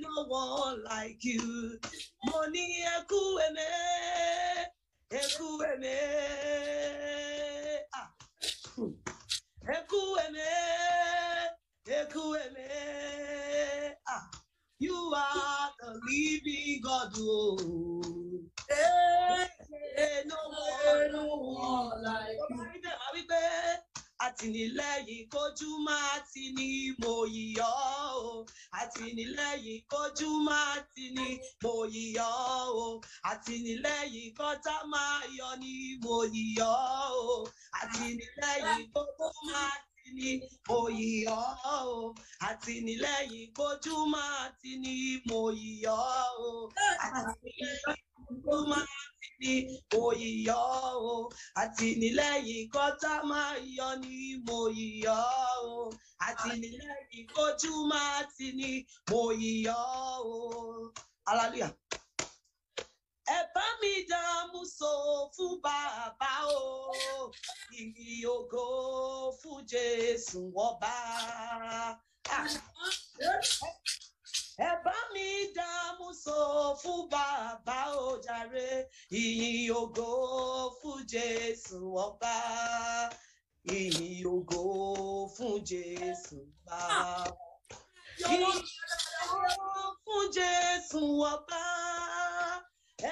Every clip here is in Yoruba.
no one like you. Money ekueme, ekueme, ah, ekueme, ekueme, ah. You are the living God, oh. Hey, eh, eh, hey, no one, no one like you àtìlẹ́yìn kojú máa ti ní mo yíyọ́ o àtìlẹ́yìn kojú máa ti ní mo yíyọ́ o àtìlẹ́yìn kọjá máa yọ ní mo yíyọ́ o àtìlẹ́yìn kojú máa ti ní mo yíyọ́ o àtìlẹ́yìn kojú máa ti ní mo yíyọ́ o àtìlẹ́yìn kojú máa. ní òyìyọ o àtìlẹ́yìn kọta máa yọ ní mòyìyọ o àtìlẹ́yìn kojú máa ti ní mòyìyọ o. Hallelujah ẹ bá mi dààmú so fún bàbá o ìyí ògo fún Jésù ọba. Ah. Eba mi dààmú sọ fún bàbá òjàre ìyìn ògo fún jésù ọba ìyìn ògo fún jésù ọba ìyìn ògo fún jésù ọba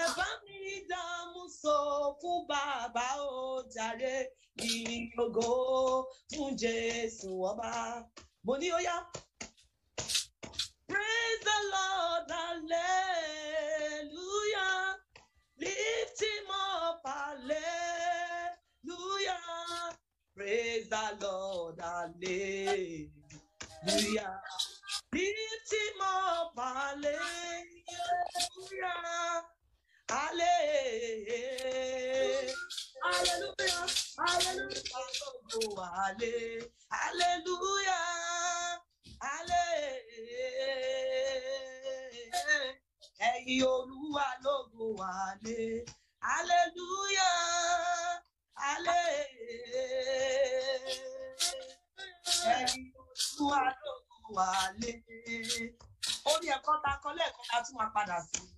Eba bá mi dààmú sọ fún bàbá òjàre ìyìn ògo fún jésù ọba mo ní ó yá. Lord, hallelujah. Lift him up, hallelujah. Hallelujah. Hallelujah. Hallelujah. abraço.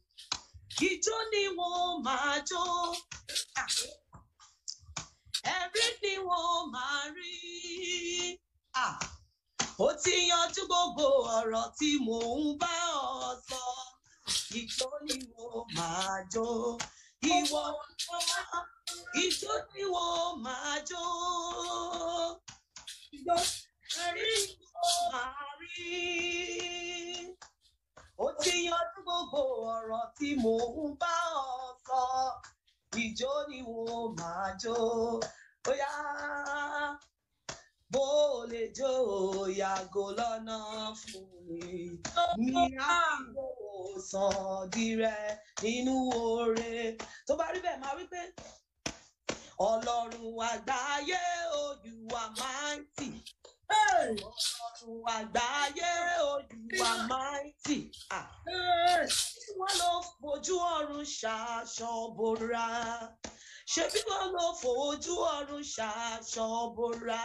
ló fojú ọ̀run ṣaṣọ bora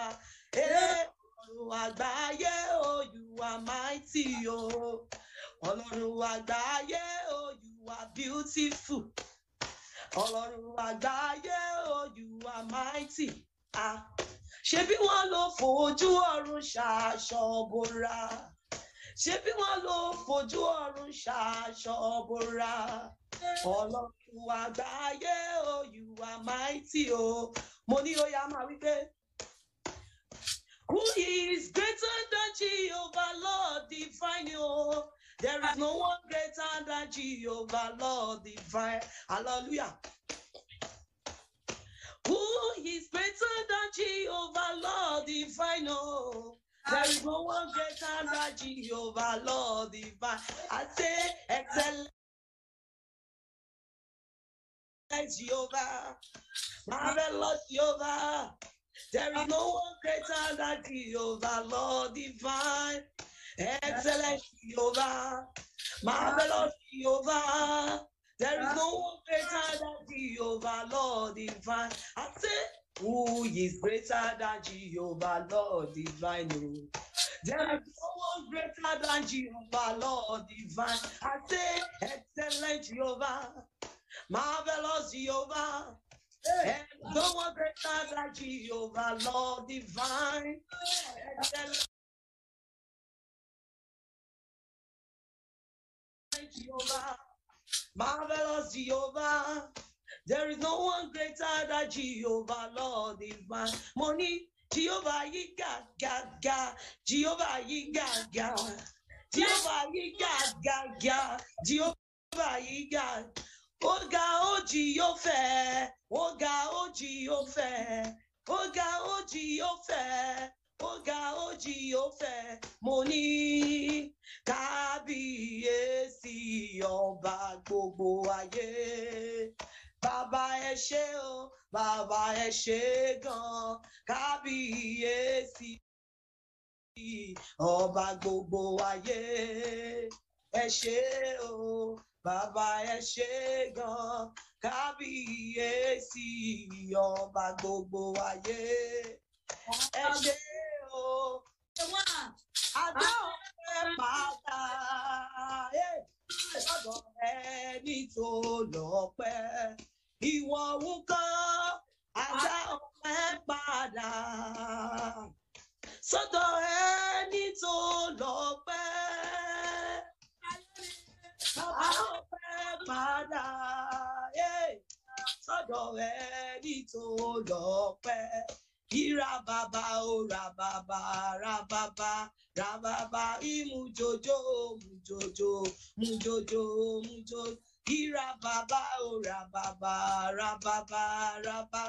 ọlọ́run àgbáyé o you are mighty o ọlọ́run àgbáyé o you are beautiful ọlọ́run àgbáyé o you are mighty ah ṣé bí wọ́n ló fojú ọ̀run ṣaṣọ bora ṣé bí ló fojú ọ̀run ṣaṣọ bora You are gbàyé o, oh, you are mighty o. Oh. Mo ní oyè máa wí pé. Who is greater than Jehovah Lord divine Oh, There is no one greater than Jehovah Lord divine. Hallelujah. Who is greater than Jehovah Lord divine Oh, There is no one greater than Jehovah Lord divine. I say excellent excellent Jehovah, marvelous Jehovah. There is no one greater than Jehovah, Lord divine, excellent Jehovah, marvelous Jehovah. There is no one greater than Jehovah, Lord divine. I say, who is greater than Jehovah, Lord divine? Oh, there is no one greater than Jehovah, Lord divine. I say, excellent Jehovah. Marvelous Jehovah. Hey. no one greater than Jehovah, Lord divine. Jehovah, marvelous Jehovah. There is no one greater than Jehovah, Lord divine. Money, Jehovah, you got, got, got. Jehovah, you got, got. Jehovah, you got, got, got. Jehovah, you got. Oga oji ó jì yóò fẹ́ ó ga ó jì yóò fẹ́ ó ga ó jì yóò fẹ́ ó gbogbo ayé bàbá ẹ ṣé o bàbá ẹ ṣé gan kábíyèsí ọba gbogbo ayé ẹ ṣé o. bàbá ẹ ṣe gan kábíyèsí ọba gbogbo ayé ẹ ṣe o adé òun ẹ padà lọ́dọ̀ ẹni tó lọ́pẹ́ ìwọ òun kan ajá ẹ padà sọ́dọ̀ ẹni tó lọ́pẹ́ padà sọ́dọ̀ rẹ̀ nítorí ọpẹ́ ìra bàbá ó ra bàbá ra bàbá ra bàbá ìmùjòjò mùjòjò mùjòjò mùjòjò ìra bàbá ó ra bàbá ra bàbá ra bàbá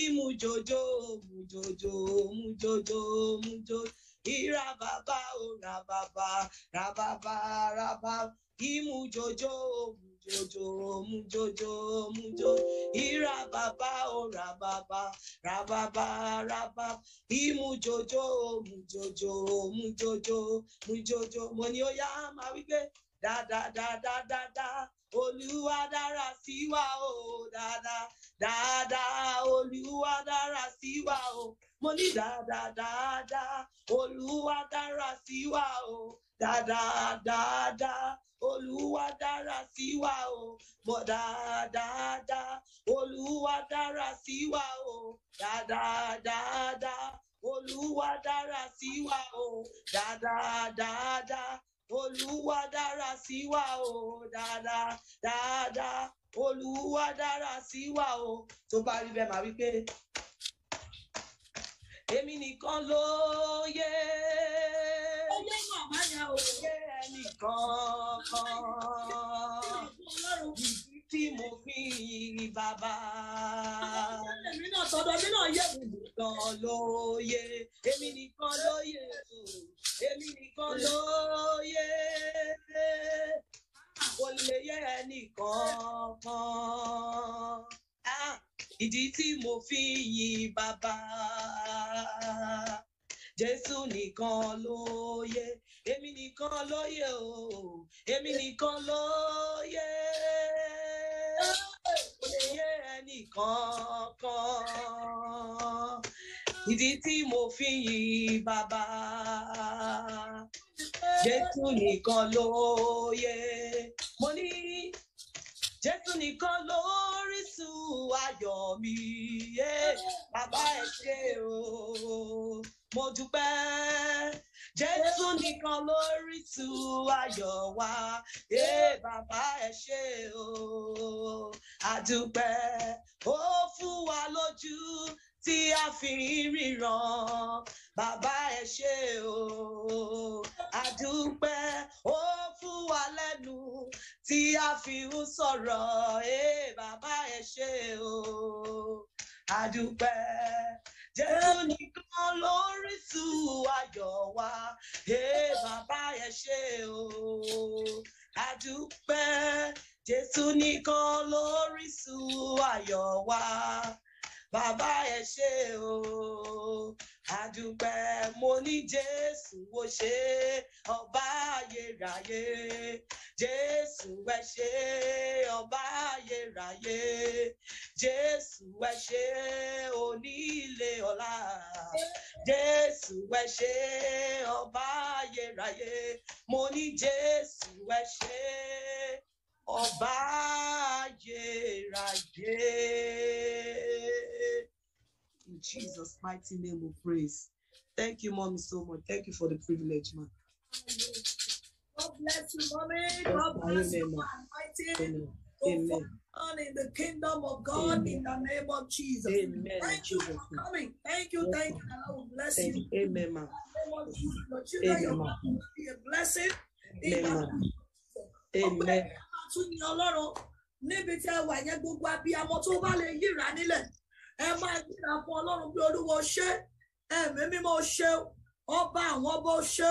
ìmùjòjò mùjòjò mùjòjò mùjòjò ìra bàbá ó ra bàbá ra bàbá ra bàbá. ìmújòjò òmùjòjò òmùjòjò òmùjò ìràbàbà òràbàbà ràbàbà ràbà ìmújòjò òmùjòjò òmùjòjò òmùjòjò mo ní ó yá máa wí pé dáadáadáadáa olúwa dára sí wa o dáadáa dáadáa olúwa dára sí wa o mo ní dáadáadáa olúwa dára sí wa o dáadáa dáadáa olúwa dára sí wa o mọ̀ dáadáa dáadáa olúwa dára sí wa o dáadáa dáadáa olúwa dára sí wa o dáadáa dáadáa olúwa dára sí wa o dáadáa dáadáa olúwa dára sí wa o tó bá rí bẹ́ẹ̀ máa wí pé èmi nìkan ló yẹ. ó yẹ màmá yẹn o. yẹ ẹnìkan kan ìdí tí mo fi yin bàbá. èmi náà sọ̀dọ̀ mi náà yẹ. èmi nìkan ló yẹ. èmi nìkan ló yẹ. èmi nìkan ló yẹ kò lè yẹ ẹnìkan kan. Ah. ìdí tí mo fi ń yin bàbá. Jésù nìkan ló yẹ, èmi nìkan ló yẹ o, èmi nìkan ló yẹ. Kò lè yẹ ẹnìkan Ìdí tí mo fi ń yin bàbá. Jésù nìkan ló yẹ. Mo ní jésù nìkan lórísun ayọ̀ mi bàbá ẹ ṣé o mo dúpẹ́ jésù nìkan lórísun ayọ̀ wa bàbá ẹ ṣé o àdúpẹ́ ó fún wa lójú tí a fi ríran bàbá ẹ ṣé o àdúpẹ́ ó tí a fi ń sọ̀rọ̀ ẹ bàbá ẹ ṣe o àdúpẹ́ jésù nìkan lóríṣun ayọ̀ wa ẹ bàbá ẹ ṣe o àdúpẹ́ jésù nìkan lóríṣun ayọ̀ wa. bàbá ẹ o àdúpẹ́ mo ní jésù wo ṣe ọba ayérayé jésù ẹ ṣe ọba ayérayé jésù ẹ ṣe onílé ọlá jésù ẹ ṣe ọba ayérayé mo ní jésù ẹ ṣe ọba ayérayé. In Jesus' mighty name we praise. Thank you, mommy, so much. Thank you for the privilege, man. God bless you, mommy. God bless you for Amen. Amen. And in the kingdom of God Amen. in the name of Jesus. Amen. Thank you for coming. Thank you. thank you. And I will bless thank you. you. Amen, ma. Your children, Amen. your will be a blessing. Amen. Amen. Amen. tún ní ọlọ́run níbi tí ẹ wà yẹn gbogbo abiyamọ tó bá lè yíra nílẹ̀ ẹ máa yíra fún ọlọ́run bí olúwo ṣe ẹ̀mí mímọ́ ṣe ọba àwọn ọba ṣe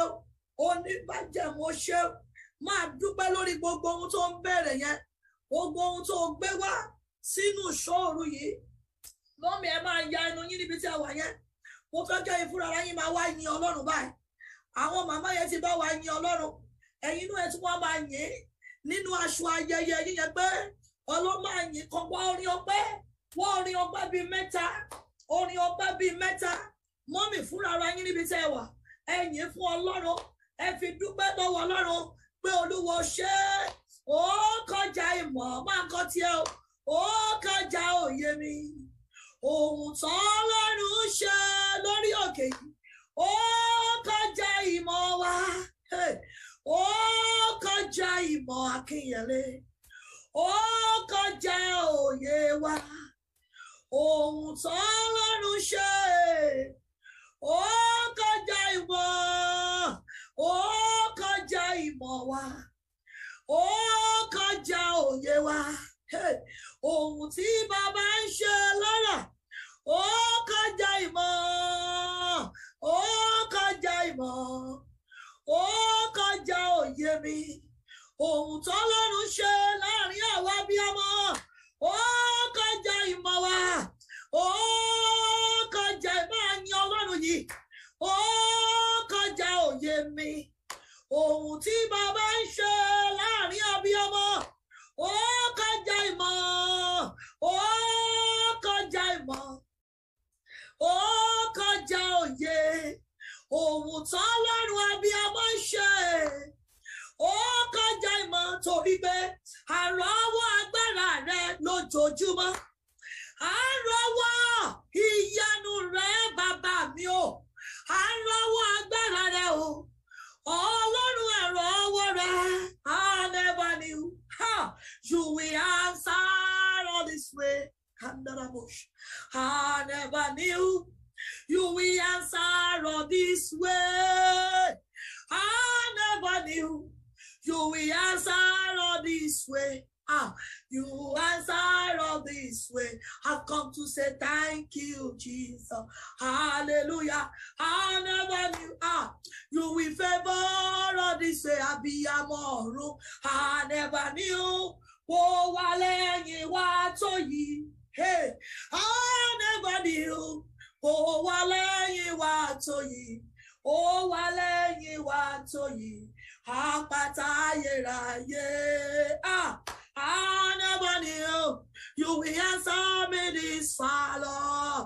oníbàjẹ́mọ́ ṣe máa dúpẹ́ lórí gbogbo ohun tó ń bẹ̀rẹ̀ yẹn gbogbo ohun tó gbé wá sínú ìṣòro yìí mọ́mí ẹ máa ya ẹnu yín níbi tí a wà yẹn mo fẹ́ kẹ́ ìfúra ara yín máa wá yin ọlọ́run báyìí àwọn màmá yẹn ti bá wa yin ọlọ́run ẹ̀yin inú ẹ̀ tí wọ́n máa yìn nínú aṣọ ayẹyẹ yíyẹn pé ọlọ́màyìn kan wá orin ọpẹ́ wọ́n orin ọpẹ́ bíi mẹ́ta orin ọpẹ́ bíi mẹ́ta mọ́mì fúnra ara yín níbi tẹ́ ẹ wà ẹ yìn fún ọlọ́run ẹ fi dúpẹ́ lọ́wọ́ ọlọ́run pé olúwo ṣe ó kọjá ìmọ̀ máa kọ́ tiẹ̀ ó kọjá òye mi ohun tó lọ́rùn ṣe lórí òkè yìí ó kọjá ìmọ̀ wa ó kọjá ìmọ̀ akínyẹlé ó kọjá òye wa ohun tó lọ́rùn ṣe ó kọjá ìmọ̀ ó kọjá ìmọ̀ wa ó kọjá òye wa ohun tí bàbá ń ṣe lọ́rọ̀ ó kọjá ìmọ̀ ó kọjá ìmọ̀ ó kọjá òye mi ohun tọ́lọ́run ṣe láàrin àwa bí ọmọ ó kọjá ìmọ̀ wa ó kọjá máa yin ọlọ́run yìí ó kọjá òye mi ohun tí bàbá ń ṣe láàrin àbí ọmọ ó kọjá ìmọ̀ ó kọjá ìmọ̀ ó kọjá òye. Oh, òun tán lọ́rùn ẹbí ọmọ ṣe ó kọjá ìmọ̀ torí pé àrọ́wọ́ agbára rẹ lójoojúmọ́ àrọ́wọ́ ìyanu rẹ bàbá mi o àrọ́wọ́ agbára rẹ o ọlọ́run ẹ̀rọ ọwọ́ rẹ I never knew how you will answer all this way. I never knew. You will answer all this way. I never knew you will answer all this way. Ah, you answer all this way. I've come to say thank you, Jesus. Hallelujah. I never knew. Ah, you will favor all this way. I'll be a more I never knew. Oh, I never knew ó wà lẹ́yìn wa tó yìí ó wà lẹ́yìn wa tó yìí àpáta ayérayé ànábàní ah, o you will answer me this far lord.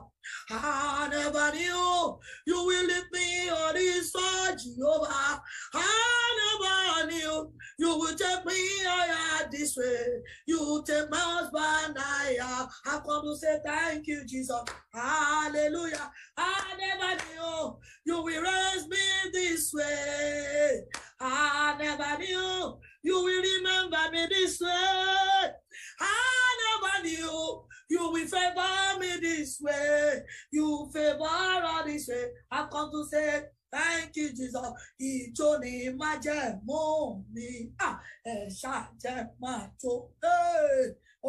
I never knew you will lift me on this far, Jehovah. I never knew you will take me higher this way. You take my husband higher. I come to say thank you, Jesus. Hallelujah. I never knew you will raise me this way. I never knew you will remember me this way. I never knew you will favor me this way. You favor all this way. i come to say thank you, Jesus. Ìjó ni má jẹ́ mú mi. oh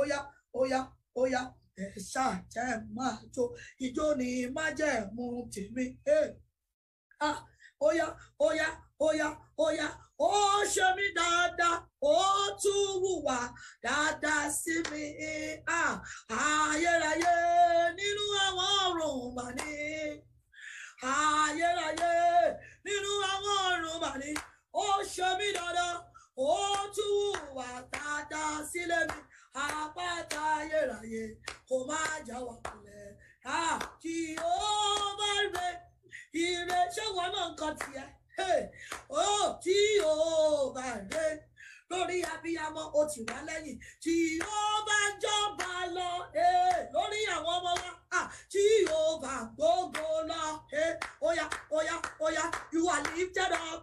yeah, oh yeah, jó. Óyá, óyá, óyá. Ẹ don't imagine moving. Ìjó ah, oh yeah, oh yeah, oh yeah, oh yeah. ó ṣe mí dáadáa ó tún wùwà dáadáa sí mi ayérayé nínú àwọn ọ̀run mà ní ayérayé nínú àwọn ọ̀run mà ní ó ṣe mí dáadáa ó tún wùwà dáadáa sílẹ̀ mi àpáta ayérayé kò má já wa kulẹ̀ kí ó bá rẹ ìrẹsẹ̀ wọn náà kan tiẹ̀. torí abiyamọ o tì wá lẹ́yìn tí ó bá jọba lọ lórí àwọn ọmọ wa tí ó bá gbogbo lọ oya oya oya you are lifted up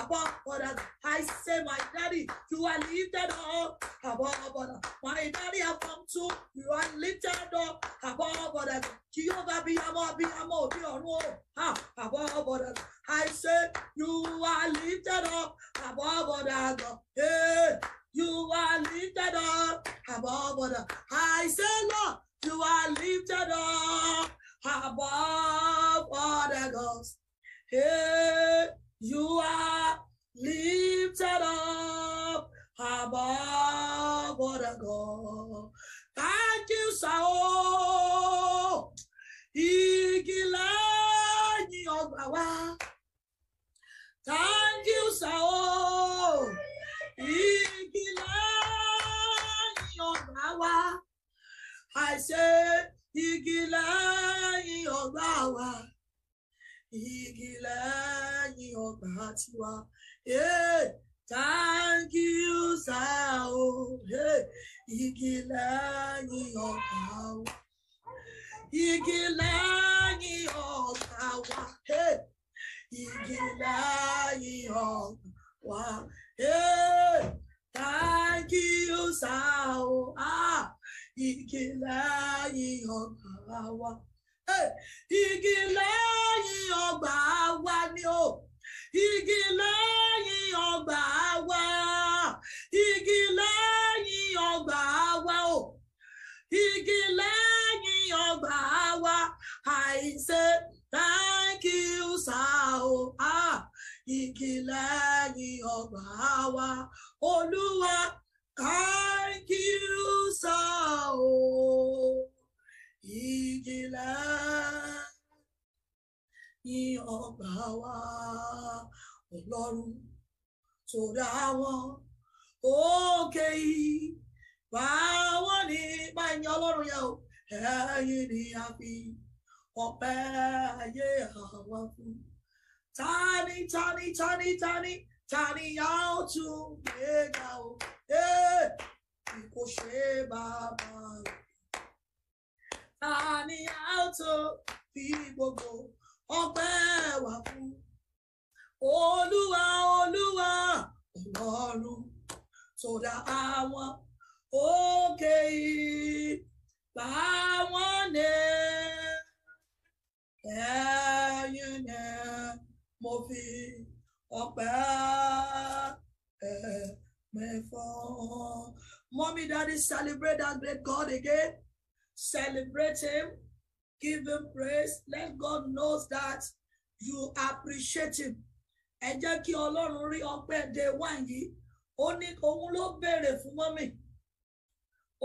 above others. I say, my daddy, you are lifted up above others. My daddy, I come to you are lifted up above others. Jehovah, be amo, be amo, be amo, above others. I say, you are lifted up above others. Hey, you are lifted up above others. I say, Lord, you are lifted up above other gods. Hey, you are lifted up above the God. Thank you, Sao. Igi lẹ́yìn ọgbà Thank you, Sao. Igi lẹ́yìn ọgbà I say, Igila lẹ́yìn ọgbà Igila Igi lẹ́yìn Hey, thank you, Sao. Hey, Igilani Okawa. Igilani Okawa. Hey, Igilani Okawa. Hey, thank you, Sao. Ah, Igilani Okawa. Hey, Igilani Okawa ni o. igi lẹ́yìn ọgbà wa igi lẹ́yìn ọgbà wa o igi lẹ́yìn ọgbà wa I say thank you sir o ah igi lẹ́yìn ọgbà wa olúwa thank you sir o igi lẹ́yìn yín ọba wa ọlọ́run tó dá wọn òkè yìí bá wọn ní máa yan ọlọ́run yẹn o ẹ̀yin ni a fi ọpẹ́ ayé àwọn fún tani tani tani tani tani yóò tún gbéga o kò ṣe bàbá tani yóò tún fi gbogbo ọpẹ́ wà fún olúwa olúwa ọlọ́run sọdá àwọn òkè yìí bá wọn ní ẹ̀yin ní mo fi ọpẹ́ mẹfọ. Mommy, daddy, celebrate that great God again. Celebrate him. Give him praise. Let God knows that you appreciate him. Ẹ jẹ́ kí Ọlọ́run rí ọpẹ́ day one yìí. Ó ní òun ló béèrè fún mọ́mì.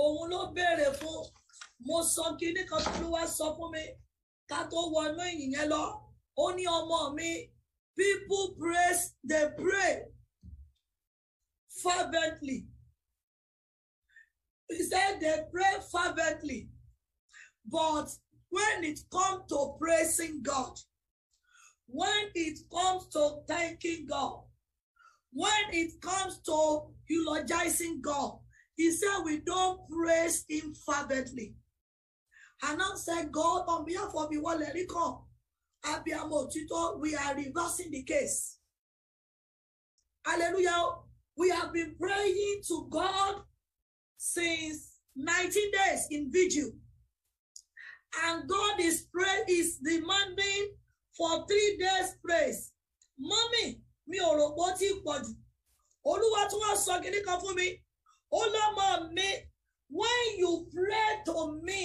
Òun ló béèrè fún. Mo sọ kíní kan tí Olúwa sọ fún mi ká tó wọnú ìyìn yẹn lọ. Ó ní ọmọ mi people praise they pray fervently. He said they pray fervently but when it comes to praising God, when it comes to thanking God, when it comes to eulogizing God, he said we don't praise him fervently. And now said God, on behalf of Iwalere come, Abiyamo Tito, we are reversing the case. Hallelujah. We have been praying to God since 19 days in vigil. And God is pray is demanding for three days praise. Mọ́mì mi ò rò pé ó ti pọ̀ jù. Olúwa tún wá sọ kìíní kan fún mi. Ó lọ́mọ mi, when you pray to me,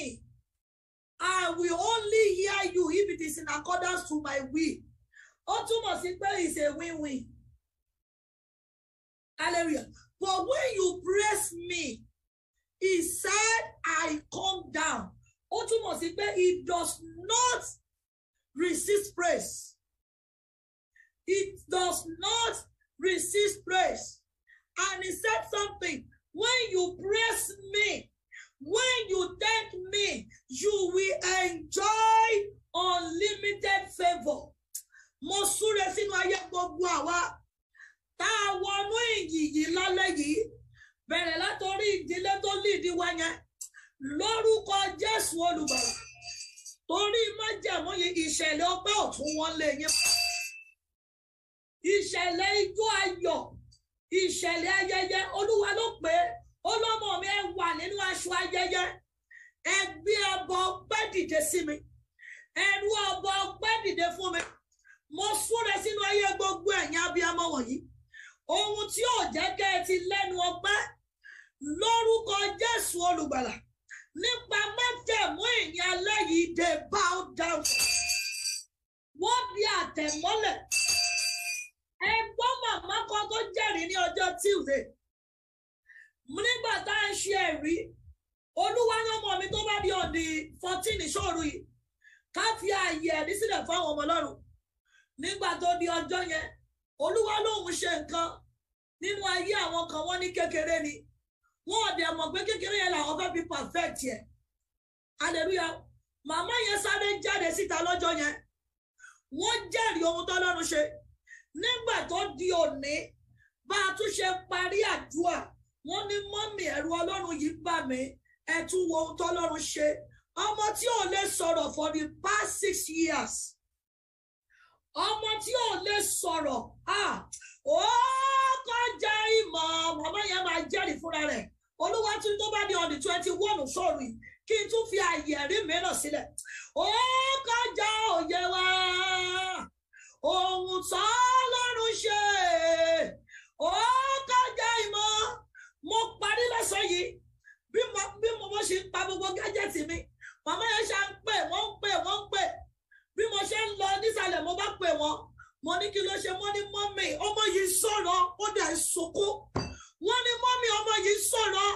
I will only hear you if it is in accordance to my will. Ó túmọ̀ sí pé it's a win-win. Hallelujah. But when you praise me, he said, I come down ó túmọ̀ sí pé he does not resist praise he does not resist praise and he said something when you praise me when you thank me you will enjoy unlimited favour mo súre sínú ayé gbogbo àwa tá a wọnú ìyìyì lálẹ́ yìí bẹ̀rẹ̀ látọrí ìdílé tó lìdí wa yẹn lórúkọ jésù olùgbàlà torí májàmú yìí ìṣẹ̀lẹ̀ ọpẹ́ ọ̀tún wọn lé yín ìṣẹ̀lẹ̀ ijó ayọ̀ ìṣẹ̀lẹ̀ ayẹyẹ olúwa ló pé ọlọ́mọ mi ẹ wà nínú aṣọ ayẹyẹ ẹ gbé ọbọ ọpẹ́ dìde sí mi ẹ rú ọbọ ọpẹ́ dìde fún mi mo súre sínú ayé gbogbo ẹ̀yin abiyamọ wọ̀nyí ohun tí ò jẹ́ kẹ́ ẹ ti lẹ́nu ọpẹ́ lórúkọ jésù olùgbàlà nípa májẹ̀mú ìyìn alẹ́ yìí they bow down wọ́n di àtẹ̀mọ́lẹ̀ ẹgbọ́n màmá kan tó jẹ́rìí ní ọjọ́ Tuesday nígbà tá a ń ṣe ẹ̀rí olúwa lọ́mọ mi tó bá di ọ̀dì fourteen ṣòro yìí ká fi ààyè ẹ̀rí sílẹ̀ fún àwọn ọmọ ọlọ́run nígbà tó di ọjọ́ yẹn olúwa lòun ṣe nǹkan nínú ayé àwọn kan wọ́n ní kékeré ni. Ke wọn ò dẹ̀ mọ̀ pé kékeré yẹn làwọn fẹ́ fi perfect yẹn hallelujah màmá yẹn sáré jáde síta lọ́jọ́ yẹn wọ́n jẹ́rìí ohun tó lọ́nu ṣe nígbà tó di òní bá a tún ṣe parí àdúrà wọ́n ní mọ́mì ẹ̀rù ọlọ́run yìí bà mí ẹ tún wo ohun tó lọ́run ṣe ọmọ tí ò lè sọ̀rọ̀ for the past six years ọmọ tí ò lè sọ̀rọ̀ ah ooo. Oh! tó jẹ ìmọ̀ bàbá yẹn máa jẹ́rìí fúnra rẹ̀ olúwa tún tó bá di ọ̀nì twenty one sọ̀rọ̀ yìí kí n tún fi àyè ẹ̀rí mìíràn sílẹ̀ ó kọjá òye wa ohun tó lọ́rùn ṣe ó kọjá ìmọ̀ mo parí lọ́sọ̀ yìí bí mo bí mo ṣe ń pa gbogbo gájẹ́tì mi màmá yẹn ṣá ń pè wọ́n ń pè wọ́n ń pè bí mo ṣe ń lọ nísàlẹ̀ mo bá pè wọ́n mo ní kí ló ṣe mo ní mọ́mì ọmọ yìí sọ̀rọ̀ ó dẹ̀ sunkún wọ́n ní mọ́mì ọmọ yìí sọ̀rọ̀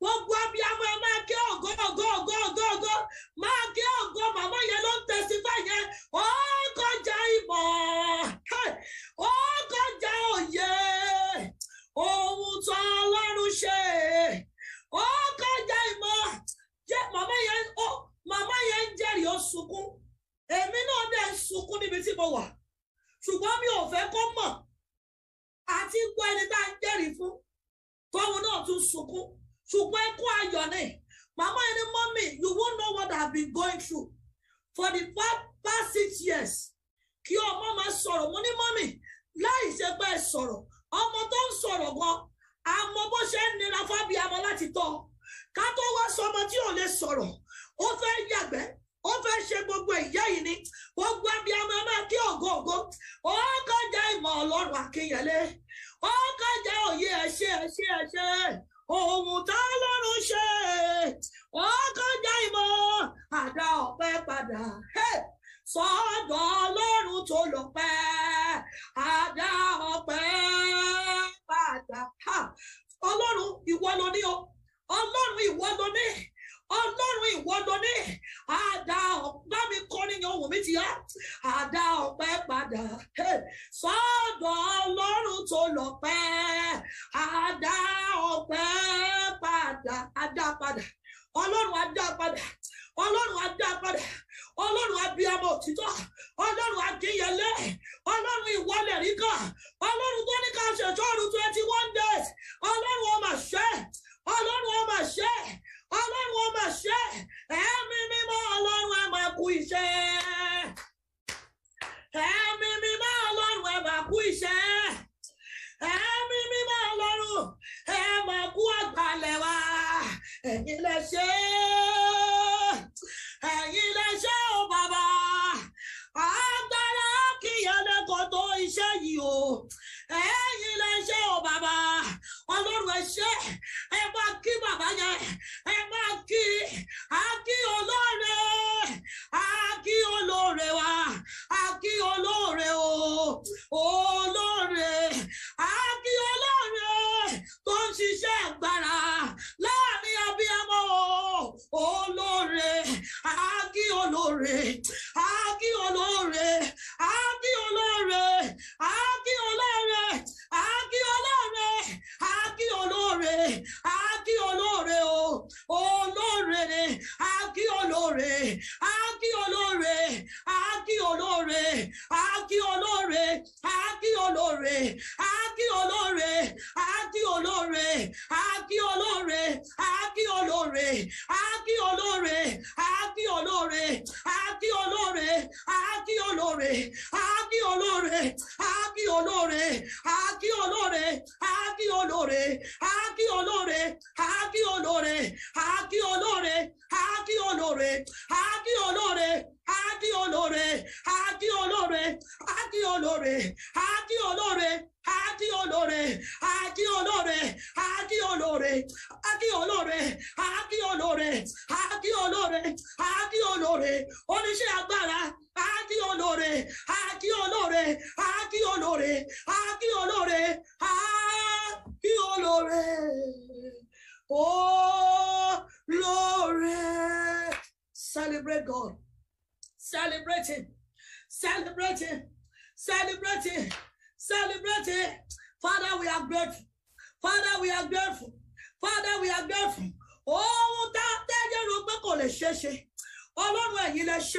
gbogbo abiyamọ ẹ máa gé ògo ògo ògo ògo ògo máa gé ògo màmá yẹn ló ń testify yẹn ó kọjá ìmọ̀ ó kọjá òye ohun tó ọlọ́run ṣe ó kọjá ìmọ̀ màmá yẹn ó màmá yẹn ń jẹ́rìí ó sunkún èmi náà dẹ̀ sunkún níbi tí mo wà ṣùgbọ́n mi ò fẹ́ kó mọ̀ àti gbọ́ ẹni tá a ń jẹ́rìí fún tóun náà tún sunkún ṣùgbọ́n ẹkún ayọ̀ ni màmá ẹni mọ́mì you won't know what I've been going through for the past six years kí ọmọ máa sọ̀rọ̀ mo ní mọ́mì láì ṣe pé ẹ sọ̀rọ̀ ọmọ tó ń sọ̀rọ̀ gan àmọ́ bó ṣe ń nira fábíàmọ́ láti tọ́ ká tó wá sọmọ tí ò lè sọ̀rọ̀ ó fẹ́ yàgbẹ́ ó fẹ́ ṣe gbogbo ìyá yìí ni gbogbo abiyamọ máa kí ògógó ó kọjá ìmọ̀ ọlọ́run àkínyẹlé ó kọjá òye ẹ̀ṣẹ̀ ẹ̀ṣẹ̀ ẹ̀ṣẹ̀ ohun tá lọ́run ṣe ó kọjá ìmọ̀ àdá ọ̀pẹ́ padà sọ́dọ̀ ọlọ́run tó lọ pẹ́ àdá ọ̀pẹ́ padà ọlọ́run ìwọ ló ní o ọlọ́run ìwọ ló ní ọlọ́run ìwọ ló ní àdá ọ̀pá mi kọ́ni yan òun mi ti yá àdá ọ̀pẹ́ padà sọ́dọ̀ ọlọ́run tó lọ pẹ́ àdá ọ̀pẹ́ padà àdá padà ọlọ́run àdá padà ọlọ́run adá padà ọlọ́run abiyamọ òtítọ́ ọlọ́run akínyẹlé ọlọ́run ìwọlẹ̀ ríkà ọlọ́run tó ní ká ṣẹ̀ṣọ́ ọ̀run twenty one days ọlọ́run ọmọ ṣẹ́ ọlọ́run ọmọ ṣẹ́ ọlọ́run ọmọ ṣe ẹ̀mí mímọ́ ọlọ́run ẹ̀ máa kú iṣẹ́ ẹ̀mí mímọ́ ọlọ́run ẹ̀ máa kú iṣẹ́ ẹ̀mí mímọ́ ọlọ́run ẹ̀ máa kú àgbàlẹ̀ wa ẹ̀yin lẹ ṣe ẹ̀yin lẹ ṣe o bàbá agbára kìyànjú kò tó iṣẹ́ yìí o ẹ̀yin lẹ ṣe o bàbá.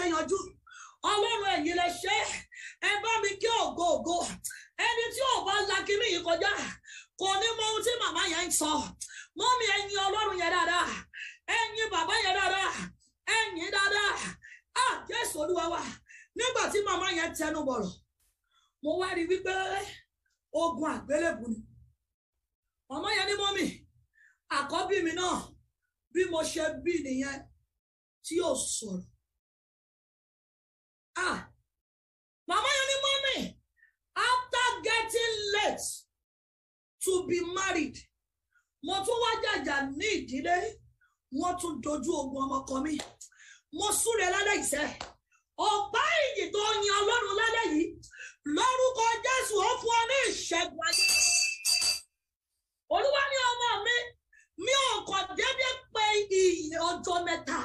ṣe yanjú ọlọ́run ẹ̀yin lẹ ṣe ẹ bá mi kí ògo ògo ẹni tí ò bá la kíní yìí kọjá kò ní mọ ohun tí màmá yẹn ń sọ mọ́mí ẹ̀yin ọlọ́run yẹn dáadáa ẹ̀yin bàbá yẹn dáadáa ẹ̀yin dáadáa á jésù olúwa nígbà tí màmá yẹn tẹnu bọ̀rọ̀ mo wá rí wípé ogun àgbélébùú ni màmá yẹn ní mọ́mí àkọ́bí mi náà bí mo ṣe bí nìyẹn tí yóò sọ̀rọ̀ ah mama yẹn ní after getting late to be married mo tún wá jàjà ní ìdílé wọ́n tún dojú ogun ọmọkọ mi mo súre lálẹ́ ìṣẹ́ ọ̀pá ìyìn tó yin ọlọ́run lálẹ́ yìí lórúkọ jésù ó fún ọ ní ìṣẹ́gun ayé olúwa ní ọmọ mi mi ò kàn déédéé pé ìyìn ọjọ́ mẹ́ta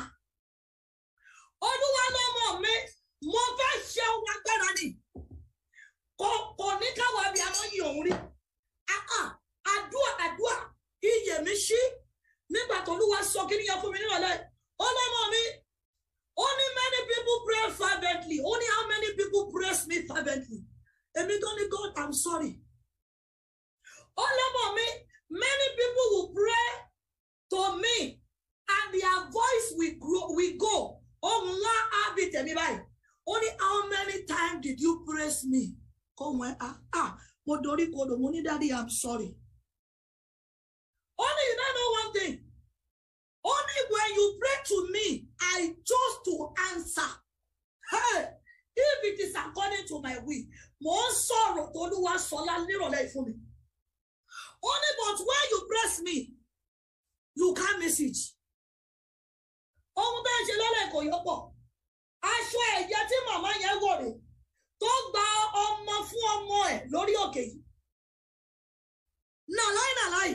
olúwa lọ́mọ mi mo fẹ́ ṣe ohun agbára ni kò kò ní káwọn abẹ àmọ́ yìí òun rí àdúrà àdúrà iyè mi ṣí nígbà tó olúwa sọ kí nìyẹn fún mi nírọ̀lẹ́ ọlọ́mọ mi only many people pray fervently only how many people praise me fervently èmi tó ní God I'm sorry ọlọ́mọ mi many people will pray to me and their voice will, grow, will go ohun wọn á bí tẹ̀mí báyìí ó ní how many times did you praise me kó wọn á á mo dorí kodò mo ní daddy i'm sorry Only you don't know one thing Only when you pray to me i chose to answer hey, if it is according to my will mo ń sọ̀rọ̀ tó olúwa sọlá nírọ̀lẹ́ ìfún mi ó but when you praise me you can message ohun tó ń ṣe lọ́lẹ̀ kò yọpọ̀ aṣọ ẹ̀yẹ ma yẹn wò rè tó gba ọmọ fún ọmọ ẹ lórí òkè yìí nàláì nàláì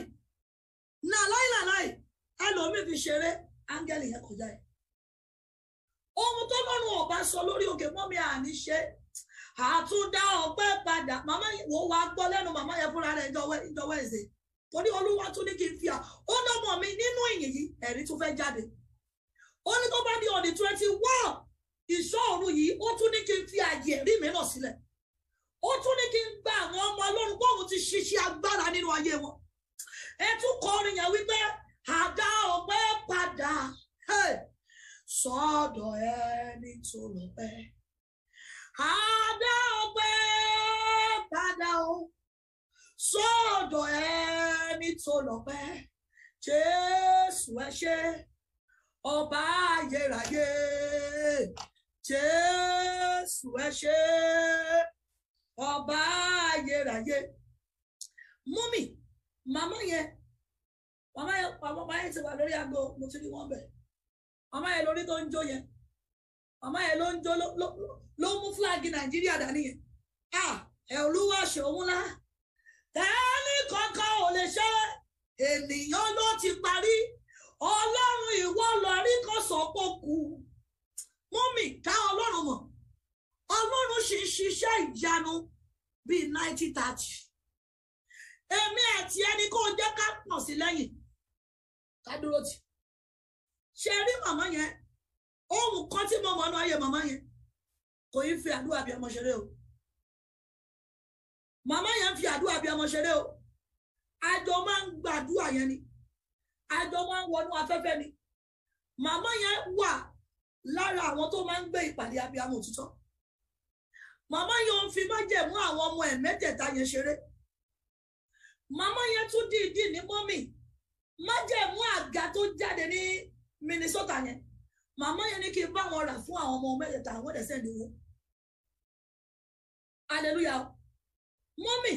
nàláì nàláì ẹlòmíì fi ṣeré áńgẹ́lì yẹn kọjá ẹ ohun tó lọ́rùn ọba sọ lórí òkè mọ́mi àní ṣe àtúndá ọgbẹ́ padà màmá wo wa gbọ́ fúnra rẹ̀ torí olúwa tún ní kí n fi à mi nínú ìyìn yìí ẹ̀rí tún fẹ́ jáde ó ní tó bá di ìṣọ́ òru yìí ó tún ní kí n fi àyè ẹ̀rí mìíràn sílẹ̀ ó tún ní kí n gba àwọn ọmọ ọlọ́run bóun ti ṣiṣẹ́ agbára nínú ayé wọn ẹ tún kọ orin yẹn wípé àdá ọpẹ́ padà sọ́dọ̀ ẹni tó lọ́pẹ́ àdá ọpẹ́ padà o sọ́dọ̀ ẹni tó lọ́pẹ́ jésù ẹ ṣé ọba ayérayé. jesu ẹ ṣe ọba ayérayé mọ́mì màmá yẹn màmá yẹn màmá yẹn ti wà lórí aago mo ti rí wọn tó ń jo yẹn ló ń jo mú flag nàìjíríà dà yẹn ẹ kankan ènìyàn ló ti parí ọlọ́run ìwọ lọ rí kù. mọ́mì dá ọlọ́run mọ̀ ọlọ́run ṣì ń ṣiṣẹ́ ìyanu bíi ninety thirty èmi àti ẹni kó jẹ́ ká pọ̀ sí lẹ́yìn ká dúró tì ṣe rí màmá yẹn ohun kan tí mo mọ̀ ọ́nà ayé màmá yẹn kò yí fi àdúrà bí ọmọ ṣeré o màmá yẹn ń fi àdúrà bí ọmọ ṣeré o àjọ máa ń gbàdúrà yẹn ni àjọ máa ń wọnú afẹ́fẹ́ ni màmá yẹn wà lára àwọn tó máa ń gbé ìpàdé abiyamọ òtítọ́ màmá yẹn ń fi májẹ̀mú àwọn ọmọ ẹ̀ mẹ́tẹ̀ẹ̀ta yẹn ṣeré màmá yẹn tún dìídì ní mọ́mì májẹ̀mú àga tó jáde ní Minnesota yẹn màmá yẹn ní kí n bá wọn rà fún àwọn ọmọ mẹ́tẹ̀ẹ̀ta àwọn ẹ̀dẹ̀ sẹ́ndì owó hallelujah mọ́mì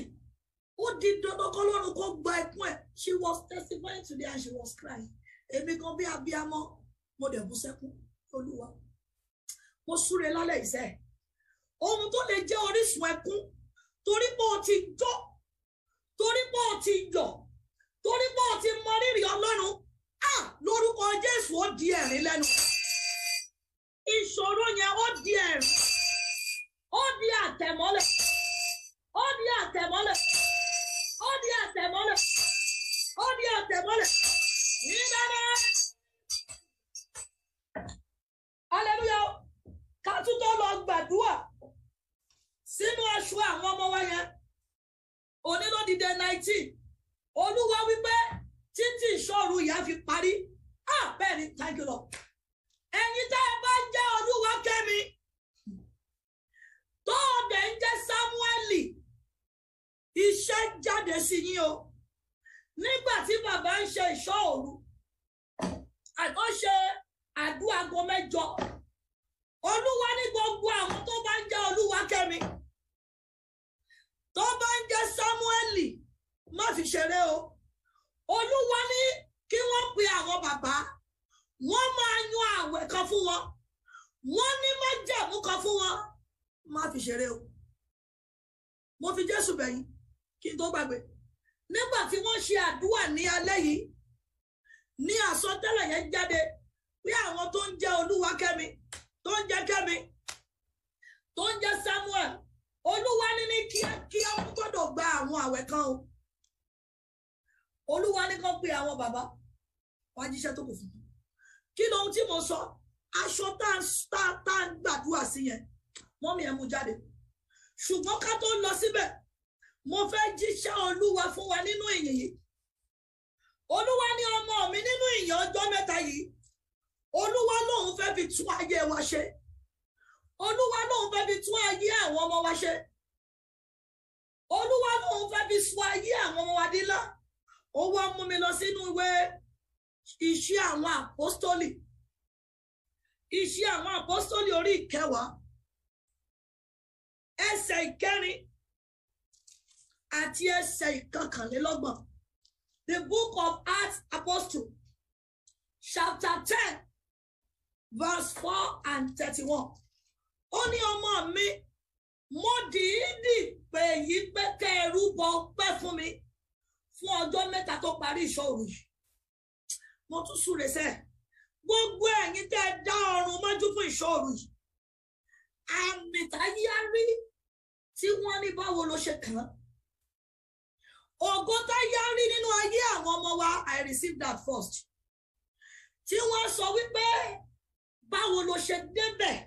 ó di dandan kọ́ lọ́run kó gba ẹkún ẹ̀ she was testifying today and she was crying èmi kan bí abiyamọ mo dẹ̀ bú sẹ́kún olúwa mo súre lálẹ́ ìṣẹ́ ohun tó lè jẹ́ orísun ẹkún torí pé o ti jó torí pé o ti yọ̀ torí pé o ti mọ rírì ọlọ́run á lórúkọ jésù ó di ẹ̀rín lẹ́nu ìṣòro yẹn ó di ẹ̀rín ó di àtẹ̀mọ́lẹ̀ ó di àtẹ̀mọ́lẹ̀ ó di àtẹ̀mọ́lẹ̀ ó di àtẹ̀mọ́lẹ̀ nígbà náà hallelujah ká tún tó lọ gbàdúrà sínú aṣọ àwọn ọmọ wa yẹn òní ló dìde nineteen olúwa wípé títí ìṣòro ìyá fi parí ah bẹ́ẹ̀ ni thank you lord ẹ̀yin tá ẹ bá jẹ́ olúwa kẹ́mi tó o dẹ̀ ń jẹ́ sámúẹ́lì iṣẹ́ jáde sí yín o nígbà tí bàbá ń ṣe ìṣọ́ ó ṣe àdúrà aago mẹ́jọ olúwa ní gbogbo àwọn tó bá ń jẹ́ olúwa kẹ́mi tó bá ń jẹ́ sámúẹ́lì má fi ṣeré o olúwa ní kí wọ́n pe àwọn bàbá wọ́n máa yan àwẹ̀ kan fún wọn wọ́n ní má jẹ̀mú kan fún wọn má fi ṣeré o mo fi jésù bẹ̀yìn kí n tó gbàgbé nígbà tí wọ́n ṣe àdúrà ní alẹ́ yìí ní àsọtẹ́lẹ̀ yẹn jáde pé àwọn tó ń jẹ́ olúwa kẹ́mi tó ń jẹ́ kẹ́mi tó ń jẹ́ Samuel olúwa ní ní kíákíá wọ́n gbọ́dọ̀ gba àwọn àwẹ̀ kan o olúwa ní kan pé àwọn bàbá wá jíṣẹ́ tó kù fún un kí lóhun tí mo sọ aṣọ tá tá ń gbàdúrà sí yẹn wọ́n mi ẹ̀ mú jáde ṣùgbọ́n ká tó lọ síbẹ̀ mo fẹ́ jíṣẹ́ olúwa fún wa nínú ìyìn yìí olúwa ní ọmọ mi nínú ìyìn ọjọ́ mẹ́ta yìí olúwa lòun fẹ́ fi tún ayé wa ṣe olúwa lòun fẹ́ fi tún ayé àwọn ọmọ wa ṣe olúwa lòun fẹ́ fi sọ ayé àwọn ọmọ wa dílá ó wá mú mi lọ sínú ìwé iṣẹ́ àwọn àpọ́stólì iṣẹ́ àwọn àpọ́stólì orí ìkẹwàá ẹsẹ̀ ìkẹrin àti ẹsẹ̀ ìkọkànlélọ́gbọ̀n the book of acts apostle chapter ten verse four and thirty-one ó ní ọmọ mi mo dìídì pè yí pé kẹ́ ẹ rúbọ pẹ́ fún mi fún ọjọ́ mẹ́ta tó parí ìṣòro yìí mo tún súre sẹ́ẹ̀ gbogbo ẹ̀yin tẹ́ ẹ dá ọrùn mọ́jú fún ìṣòro yìí àmì táyárí tí wọ́n ní báwo ló ṣe kàn án ògo táyárí nínú ayé àwọn ọmọ wa I received that first tí wọ́n sọ wípé báwo ló ṣe débẹ̀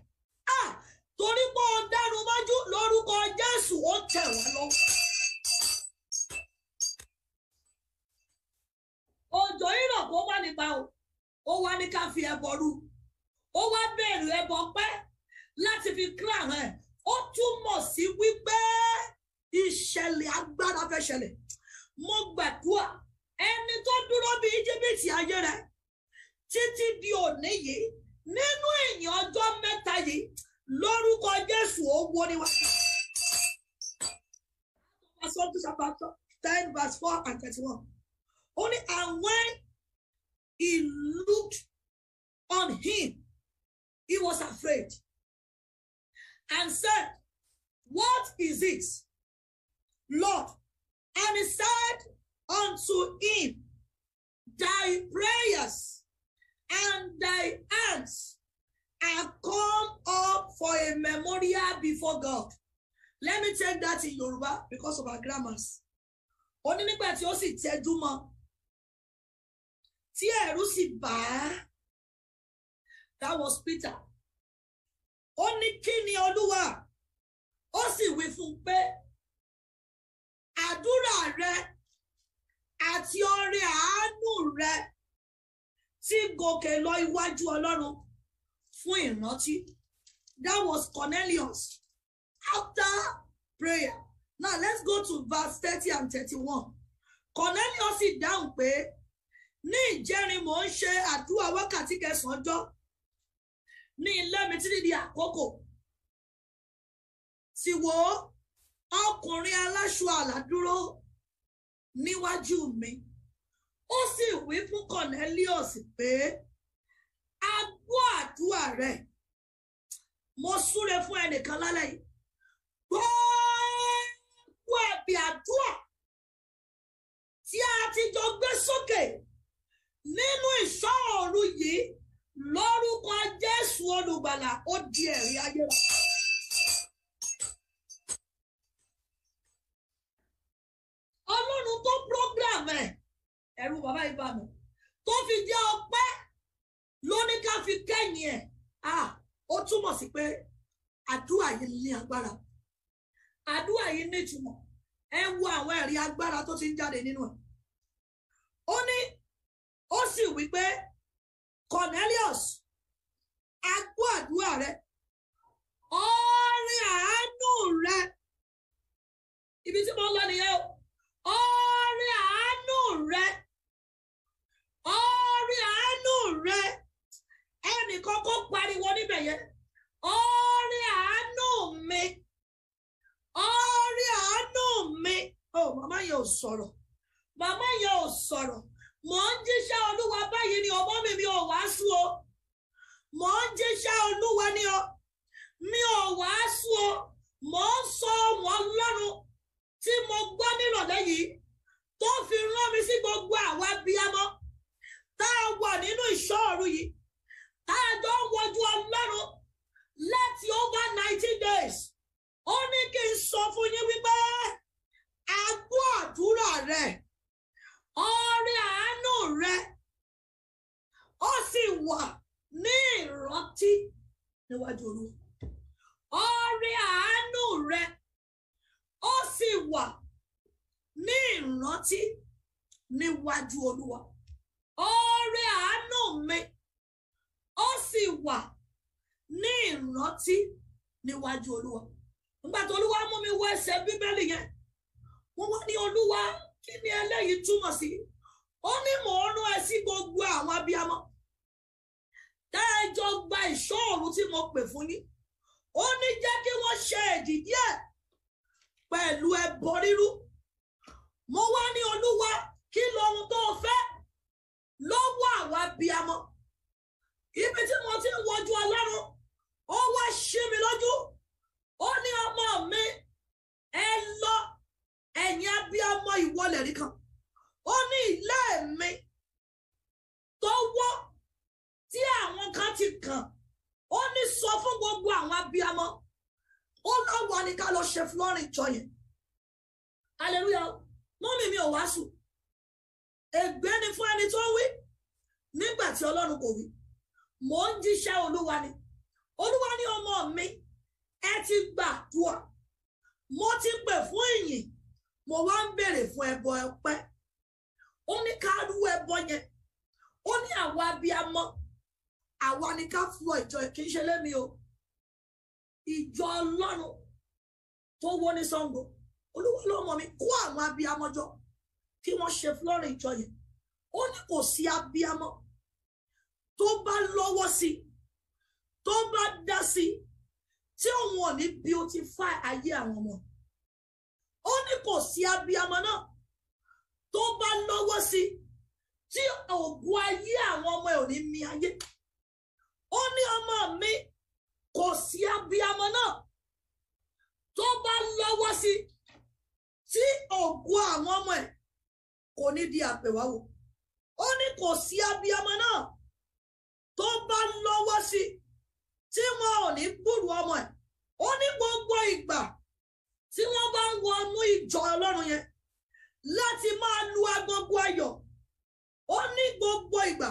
torí pé ó dẹnu mọ́jú lórúkọ Jésù ó tẹ̀ wá lọ. òjò ìrọ̀ kó wá nípa o ó wá ní ká fi ẹbọ rú ó wá béèrè ẹbọ pẹ́ láti fi crown ẹ̀ ó túmọ̀ sí wípé ìṣẹ̀lẹ̀ agbára fẹ́ ṣẹlẹ̀ mo gbàdúrà ẹni tó dúró bí íjíbítì ayé rẹ títí di òní yìí nínú ìyìn ọjọ́ mẹ́ta yìí lórúkọ Jésù owó ni wọ́n sọ. chapter ten verse four and thirty-one. Only and when he looked on him, he was afraid and said, What is it, Lord? And he said unto him, Thy prayers and thy hands are come up for a memorial before God. Let me take that in Yoruba because of our grammars. Ó ní nígbà tí ó sì tẹjú mọ́, tí ẹ̀rù sì bà á. That was Peter. Ó ní kí ni Olúwa? Ó sì wí fún un pé àdúrà rẹ àti ọrẹ àánú rẹ tí gòkè lọ iwájú ọlọ́run fún ìrántí that was Cornelius after prayer now let's go to verse thirty and thirty-one Cornelius sì dáhùn pé ní ìjẹrin mò ń ṣe àdúrà wákàtí kẹsàn-án jọ́ ní ilé mi títí di àkókò sì wò ó ọkùnrin aláṣọ àlá níwájú mi ó sì wí fún Cornelius pé a gbọ́ àdúrà rẹ̀ mo súre fún ẹnìkan lálẹ́ yìí gbogbo ẹ̀bì àdúrà tí a ti jọ gbé sókè nínú ìṣọ́ yìí lórúkọ Jésù olùgbàlà ó di ẹ̀rí ayérayé. ẹ̀rù bàbá ìbàmù tó fi jẹ́ ọpẹ́ lóní ká fi kẹ́yìn ẹ̀ à ó túmọ̀ sí pé àdúrà yìí ní agbára àdúrà yìí nítumọ̀ ẹ wo àwọn ẹ̀rí agbára tó ti ń jáde nínú ẹ̀ ó ní ó sì wí pé Cornelius a gbọ́ àdúrà rẹ ọrẹ àánú rẹ ibi tí mo ń lọ nìyẹn o ọrẹ àánú rẹ rẹ ẹnìkan kó pariwo níbẹ̀ yẹn orí àánú mi orí àánú mi ó oh, màmá yẹn ò sọ̀rọ̀ màmá yẹn ò sọ̀rọ̀ mò ń jíṣẹ́ olúwa báyìí ni ọmọ mi mi ò wàásù o mò ń jíṣẹ́ olúwa ni o mi ò wàásù o mò ń sọ ohùn ọlọ́run tí mo gbọ́ nírọ̀lẹ́ yìí tó fi rán mi sí gbogbo àwa bíi amọ́. tá a wà nínú ìṣọ́ọ̀rù yìí tá a jọ ń wojú ọlọ́run láti over days ó ní kí n rẹ ọrẹ àánú rẹ ó sì wà ní ìrántí níwájú oore àánú mi ó sì wà ní ìrántí níwájú olúwa nígbà tó olúwa mú mi wọ ẹsẹ̀ bíbélì yẹn wọ́n wá ní olúwa kí ni eléyìí túmọ̀ sí ó ní mò ń rán ẹ sí gbogbo àwọn abiyamọ tá ẹ jọ gba ìṣọ́ òru tí mo pè fún yín ó ní jẹ́ kí wọ́n ṣe èdìdí ẹ̀ pẹ̀lú ẹbọ rírú mo wá ní olúwa kí lohun tó fẹ́ lọ́wọ́ àwa abiyamọ ibi tí mo ti ń wojú ọlọ́run ó wá ṣí mi lójú ó ní ọmọ mi ẹ lọ ẹ̀yin abiyamọ ìwọlẹ̀ rí kan ó ní ilé mi tó wọ́ tí àwọn kan ti kàn ó ní sọ fún gbogbo àwọn abiyamọ ó lọ́wọ́ ni ká lọ ṣe flooring jọ yẹn hallelujah mọ́mí mi ò wá sùn ègbé ni fún ẹni tó wí nígbà tí ọlọ́run kò wí mò ń jíṣẹ́ olúwa ni olúwa ní ọmọ mi ẹ ti gbàdúrà mo ti pè fún ìyìn mo wá ń béèrè fún ẹbọ ẹpẹ ó ní ká rú ẹbọ yẹn ó ní àwa abiyamọ àwa ni ká fọ ìjọ kì í ṣe lémi o ìjọ ọlọ́run tó wó ní Ṣàngó olúwa ló mọ̀ mí kó àwọn abiyamọ jọ kí wọ́n ṣe flooring ìjọ yẹn ó ní kò sí abiyamọ tó bá lọ́wọ́ sí tó bá dá sí tí òun ò ní beautify ayé àwọn ọmọ ó ní kò sí abiyamọ náà tó bá lọ́wọ́ sí tí ògùn ayé àwọn ọmọ ẹ̀ ò ní mi ayé ó ní ọmọ mi kò sí abiyamọ náà tó bá lọ́wọ́ sí tí ògùn àwọn ọmọ ẹ̀ kò ní di àpèwáwò ó ní kò sí abiyamọ náà tó bá lọ́wọ́ sí tí wọn ò ní gbúrú ọmọ ẹ̀ ó ní gbogbo ìgbà tí wọ́n bá ń wọnú ìjọ ọlọ́run yẹn láti máa lu agogo ayọ̀ ó ní gbogbo ìgbà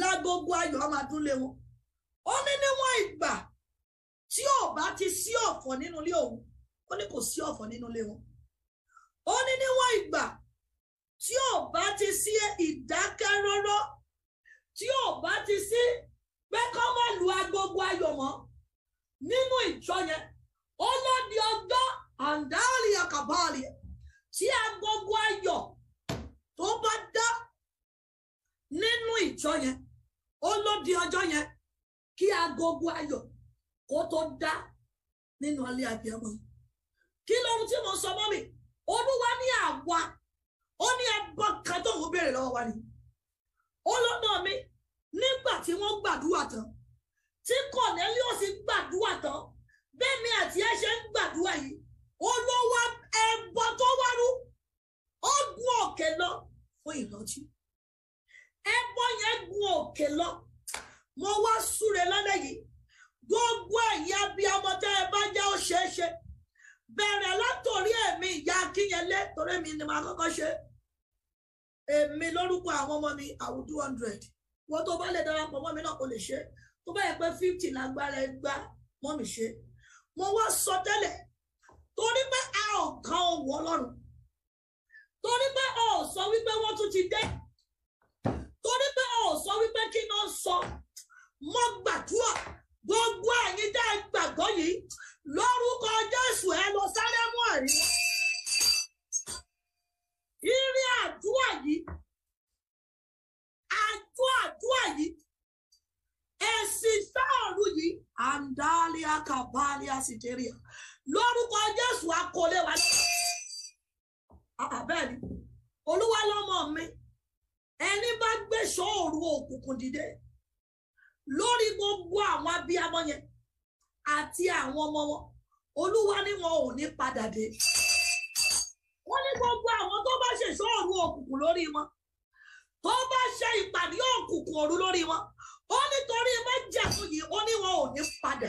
lágogo ayọ̀ á máa dún wọn ó ní níwọ̀n ìgbà tí ò bá ti sí ọ̀fọ̀ nínú ilé òun ó ní kò sí ọ̀fọ̀ nínú ilé wọn ó ní níwọ̀n ìgbà tí ò bá ti sí ìdákẹ́rọ́rọ́ tí ò bá ti sí pé kọ́ má lu agogo mọ́ nínú ìjọ yẹn ó lọ di ọjọ́ àndáàlì àkàbàlì tí agogo ayọ̀ tó bá dá nínú ìjọ yẹn ó di ọjọ́ yẹn kí nínú alẹ́ àbíọ́mọ́ kí lóhun tí mo sọ ó ní ẹbọ kan tó ń béèrè lọ́wọ́ wa ni ó mi nígbà tí wọ́n gbàdúrà tán tí Cornelius gbàdúrà tán bẹ́ẹ̀ ni àti ẹ ṣe ń gbàdúrà yìí ó ló wá ẹbọ tó wá rú ó gun òkè lọ fún ìrántí ẹbọ yẹn gun òkè lọ mo wá súre lọ́lẹ́ yìí gbogbo ẹ̀yà bíi ọmọdé ẹ bá jẹ́ ó ṣeé ṣe bẹ̀rẹ̀ látòrí ẹ̀mí ìyá akínyẹlé torí mi ni màá kọ́kọ́ ṣe èmi lórúkọ àwọn ọmọ mi i will do hundred wọ́n tó bá lè darapọ̀ mọ́ mi náà kò lè ṣe tó bá yẹ pé fifty lágbára ẹ gbá mọ́ mi ṣe mo wá sọ tẹ́lẹ̀ torí pé a ò kan òwò ọlọ́run torí pé a ò sọ wípé wọ́n tún ti dé torí pé a ò sọ wípé kí náà sọ mo gbàdúrà gbogbo àyíká gbàgbọ́ yìí lórúkọ Jésù ẹ lọ sáré mú àríwá irin àdúrà yìí àjọ àdúrà yìí èsì sáàrù yìí àndália kàbália sìtẹ́ríà lórúkọ jésù akọlé wa bẹ́ẹ̀ ni olúwa lọ́mọ mi ẹni bá gbèsò òru òkùnkùn dìde lórí gbogbo àwọn abiyamọ yẹn àti àwọn ọmọ wọn olúwa ni wọn ò ní padà dé òru òkùnkùn lórí wọn tó bá ṣe ìpàdé òkùnkùn òru lórí wọn ó nítorí májẹ̀mú yìí ó ní wọn ò ní padà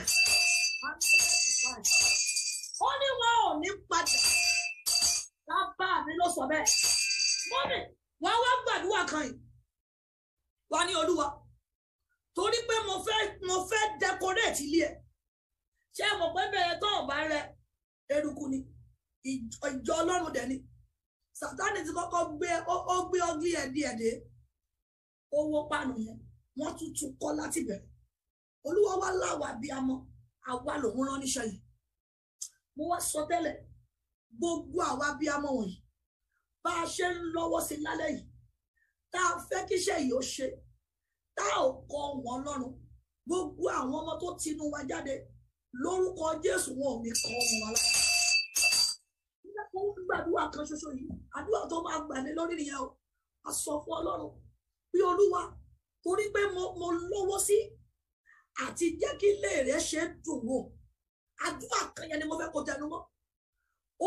ó ní wọn ò ní padà lábá mi ló sọ bẹ́ẹ̀ mọ́mì wọ́n wá gbàdúrà kan yìí wá ní olúwa torí pé mo fẹ́ mo fẹ́ decorate ilé ẹ̀ ṣé mo pẹ́ bẹ̀rẹ̀ tó ọ̀bá rẹ eruku ni ìjọ ọlọ́run dẹ̀ ni sátani ti kọ́kọ́ gbé ó gbé ọgbí ẹ̀ díẹ̀ dé owó pàánù yẹn wọ́n tún tún kọ́ láti bẹ̀rẹ̀ olúwa wa láwa bí a mọ àwa lòun rán níṣẹ́ yìí mo wá sọ tẹ́lẹ̀ gbogbo àwa bí a mọ wọ̀nyí bá a ṣe ń lọ́wọ́ sí lálẹ́ yìí tá a fẹ́ kíṣẹ́ yìí ó ṣe tá ò kọ wọn lọ́rùn gbogbo àwọn ọmọ tó tinú wa jáde lórúkọ jésù wọn ò ní kọ wọn wá kan ṣoṣo yìí àdúrà tó máa gbà lé lórí nìyẹn o a fún ọlọ́run bí olúwa torí pé mo lówó sí àti jẹ́ kí ilé rẹ̀ ṣe dùn àdúrà kan yẹn ni mo fẹ́ kó tẹnu mọ́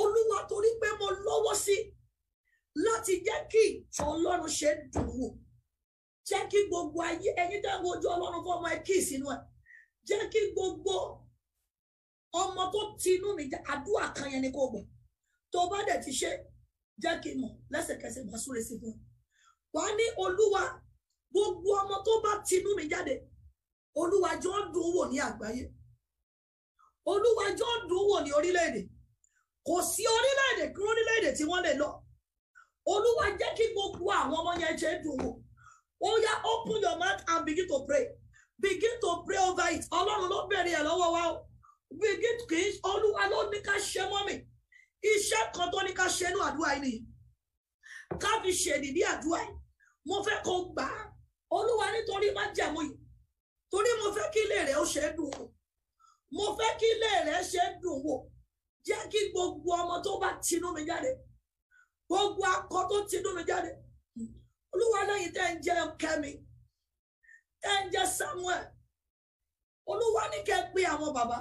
olúwa torí pé mo lówó sí láti jẹ́ kí ìjọ ọlọ́run ṣe dùn wò jẹ́ kí gbogbo ayé ẹyin tẹ́ ń wojú ọlọ́run fún ọmọ ẹ kí ìsinú ẹ jẹ́ kí gbogbo ọmọ tó tinú mi àdúrà kan yẹn ni kò gbọ́n tó bá dẹ̀ ti ṣe jẹ́ kí n mọ̀ lẹ́sẹ̀kẹsẹ̀ máa súre sí fún un wà á ní olúwa gbogbo ọmọ tó bá tinú mi jáde olúwa jọ ń dùn wò ní àgbáyé olúwa jọ ń dùn wò ní orílẹ̀-èdè kò sí orílẹ̀-èdè kí orílẹ̀-èdè tí wọ́n lè lọ olúwa jẹ́ kí gbogbo àwọn ọmọ yẹn ṣe dùn wò ó yá open your mouth and begin to pray begin to pray over it ọlọ́run ló bẹ̀rẹ̀ ẹ̀ lọ́wọ́ wa o begin kì í olúwa ló ní ká ṣe mọ́ mi iṣẹ́ kan tó ní ká ṣe ní àdúrà yìí nìyí ká fi ṣèdí ní àdúrà yìí mo fẹ́ kó gbà á olúwa nítorí má jẹ̀mú yìí torí mo fẹ́ kí ilé rẹ̀ ó ṣe é dùn wò mo fẹ́ kí ilé rẹ̀ ṣe é dùn wò jẹ́ kí gbogbo ọmọ tó bá tinú mi jáde gbogbo akọ tó tinú mi jáde olúwa lẹ́yìn tẹ́ ń jẹ́ kẹ́mi tẹ́ ń jẹ́ samuel olúwa ní kẹ́ pé àwọn bàbá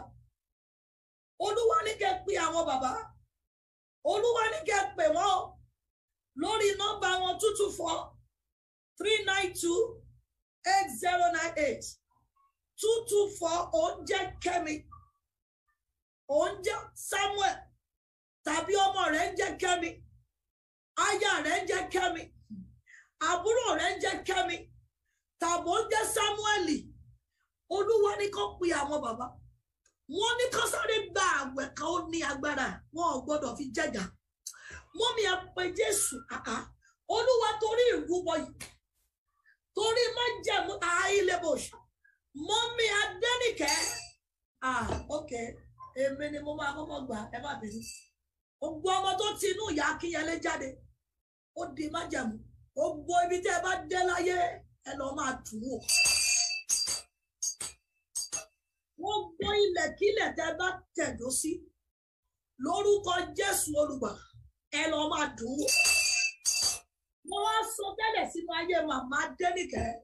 olúwa ní kẹ́ pé àwọn bàbá olúwa ní kẹ́ pè wọ́n lórí nọ́mbà wọn two two four three nine two eight zero nine eight two two four òun jẹ́ kẹ́mi òun jẹ́ samuel tàbí ọmọ rẹ̀ ń jẹ́ kẹ́mi aya rẹ̀ ń jẹ́ kẹ́mi àbúrò rẹ̀ ń jẹ́ kẹ́mi tàbí ó ń jẹ́ samuel olúwa ní kó pe àwọn bàbá wọ́n ní kán sáré gba àwẹ̀ kan ó ní agbára wọn ò gbọ́dọ̀ fi jẹjà mọ́mí ẹ pé jésù àá olúwa torí ìrúbọ yìí torí má jẹ̀mú àìlébòs mọ́mí adẹ́nìkẹ́ ah ok èmi ni mo máa kọ́kọ́ gbà ẹ má bínú gbogbo ọmọ tó ti inú ìyá akínyẹlé jáde ó di má jẹ̀mú gbogbo ibi tí ẹ bá dé láyé ẹ lọ́ọ́ máa tù ú gbogbo ilẹ̀kílẹ̀ tẹ bá tẹ̀dó sí lórúkọ jésù olùgbà ẹ lọ máa dùn ún mo wá sọ tẹ́lẹ̀ sínú ayé màmá dẹ́nìkẹ́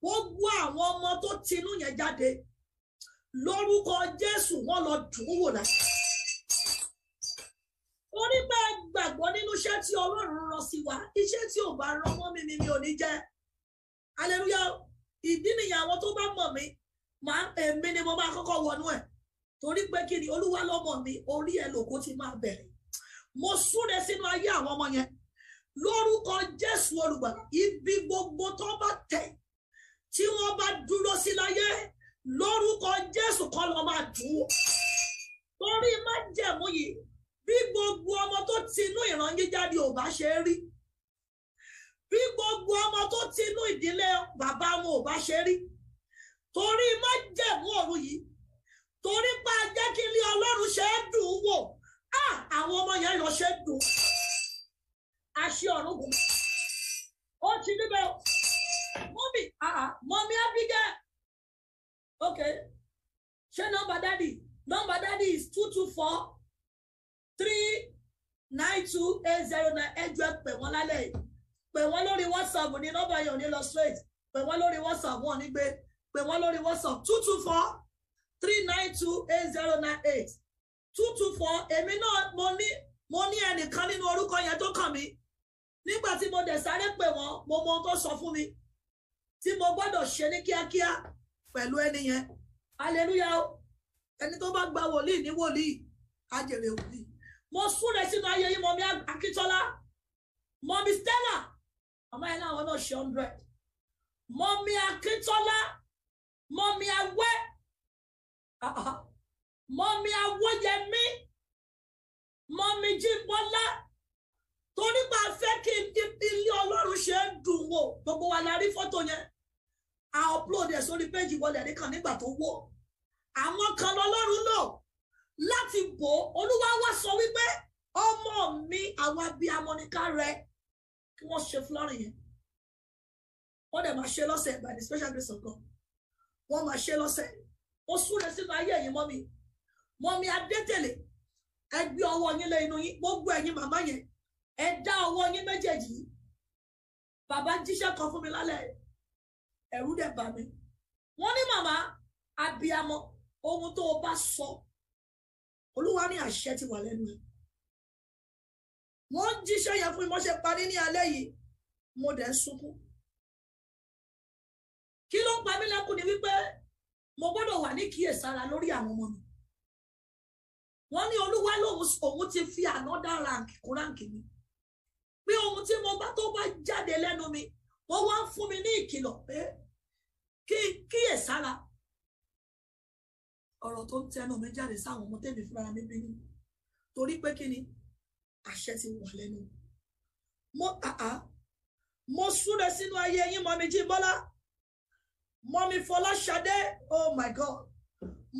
gbogbo àwọn ọmọ tó tinú yẹn jáde lórúkọ jésù wọn lọ dùn ún wò náà orí gbàgbọ́ nínú iṣẹ́ tí ọlọ́run rán sí wa iṣẹ́ tí ò bá rán mọ́ mi mi mi ò ní jẹ́ aleluya ìdí nìyẹn tó bá mọ̀ mí máa èmi ni mo máa kọ́kọ́ wọnú ẹ̀ torí pé kí ni olúwa lọ́mọ mi orí ẹ lòkó ti máa bẹ̀rẹ̀ mo súre sínú ayé àwọn ọmọ yẹn lórúkọ jésù olùgbà ibi gbogbo tó bá tẹ̀ tí wọ́n bá dúró sí láyé lórúkọ jésù kọ́ lọ́ máa dùn torí má jẹ̀mú yìí bí gbogbo ọmọ tó ti inú ìran yín jáde ò bá ṣe é rí bí gbogbo ọmọ tó ti inú ìdílé bàbá wọn ò bá ṣe é rí torí májẹ̀mú ọ̀run yìí torí pa jẹ́ kí ilé ọlọ́run ṣe é dùn ún wò àwọn ọmọ yẹn lọ ṣe é dùn àṣẹ ọ̀run gùn ó ti níbẹ̀ mọ́mí mọ́mí Abigail ok ṣé nọ́mbà dádì nọ́mbà dádì is two two four three nine two eight zero nine ẹjọ́ ẹ pè wọ́n lálẹ́ pè wọ́n lórí WhatsApp ní nọ́mbà yẹn ò ní lọ straight pè wọ́n lórí WhatsApp wọn ò ní pè wọ́n lórí whatsapp two two four three nine two eight zero nine eight two two four èmi náà mo ní mo ní ẹnìkan nínú orúkọ yẹn tó kàn mí nígbà tí mo dẹ̀ sáré pè wọ́n mo mọ ohun tó sọ fún mi tí mo gbọ́dọ̀ ṣe ní kíákíá pẹ̀lú ẹni yẹn aleluya o ẹni tó bá gba wòlíì ní wòlíì á jèrè wòlíì mo súre sínú ayé yìí mọ̀mí akíntọ́lá mọ̀mí stella ọmọ yẹn náà wọn náà ṣe hundred mọ̀mí akíntọ́lá mọ̀mí awẹ́ mọ̀mí awọ́yẹmí mọ̀mí jíbọ́lá torí pa fẹ́ kí ilé ọlọ́run ṣe ń dùn wò gbogbo wa la rí fọ́tò yẹn a upload ẹ̀ sórí péjì wọlé ẹ̀rí kan nígbà tó wọ̀ àwọn kan lọ́lọ́run lò láti bò olúwa wá sọ wípé ọmọ mi àwọn abiyamọ ní ká rẹ kí wọ́n ṣe fúlọ́rìn yẹn wọ́n dẹ̀ máa ṣe lọ́sẹ̀ by the special grace of God wọ́n máa ṣe lọ́sẹ̀ ó súre sínú ayé yìí mọ́mi mọ́mi adétèlé ẹ gbé ọwọ́ yín lé inú yín gbogbo ẹ̀yin màmá yẹn ẹ dá ọwọ́ yín méjèèjì yìí bàbá jíṣẹ́ kan fún mi lálẹ́ ẹ̀rú dẹ̀ bà mí wọ́n ní màmá abiyamọ ohun tó o bá sọ olúwa ní àṣẹ ti wà lẹ́nu ẹ̀ wọ́n jíṣẹ́ yẹn fún mi mo parí ní alẹ́ yìí mo dẹ̀ ń sunkún kí ló ń pa mí lẹ́kùn ni wípé mo gbọ́dọ̀ wà ní kíyèsára lórí àwọn ọmọ mi wọ́n ní olúwa lòun òun ti fi another rank kún ránkì mi pé ohun tí mo bá tó bá jáde lẹ́nu mi wọ́n wá ń fún mi ní ìkìlọ̀ pé kí kíyèsára ọ̀rọ̀ tó ń tẹnu mi jáde sáwọn ọmọ tèmi fúnra mi bí nínú torí pé kí ni àṣẹ ti wà lẹ́nu mo àá mo súre sínú ayé yín mọ mi jí bọ́lá mọ́mí fọláṣadé oh my god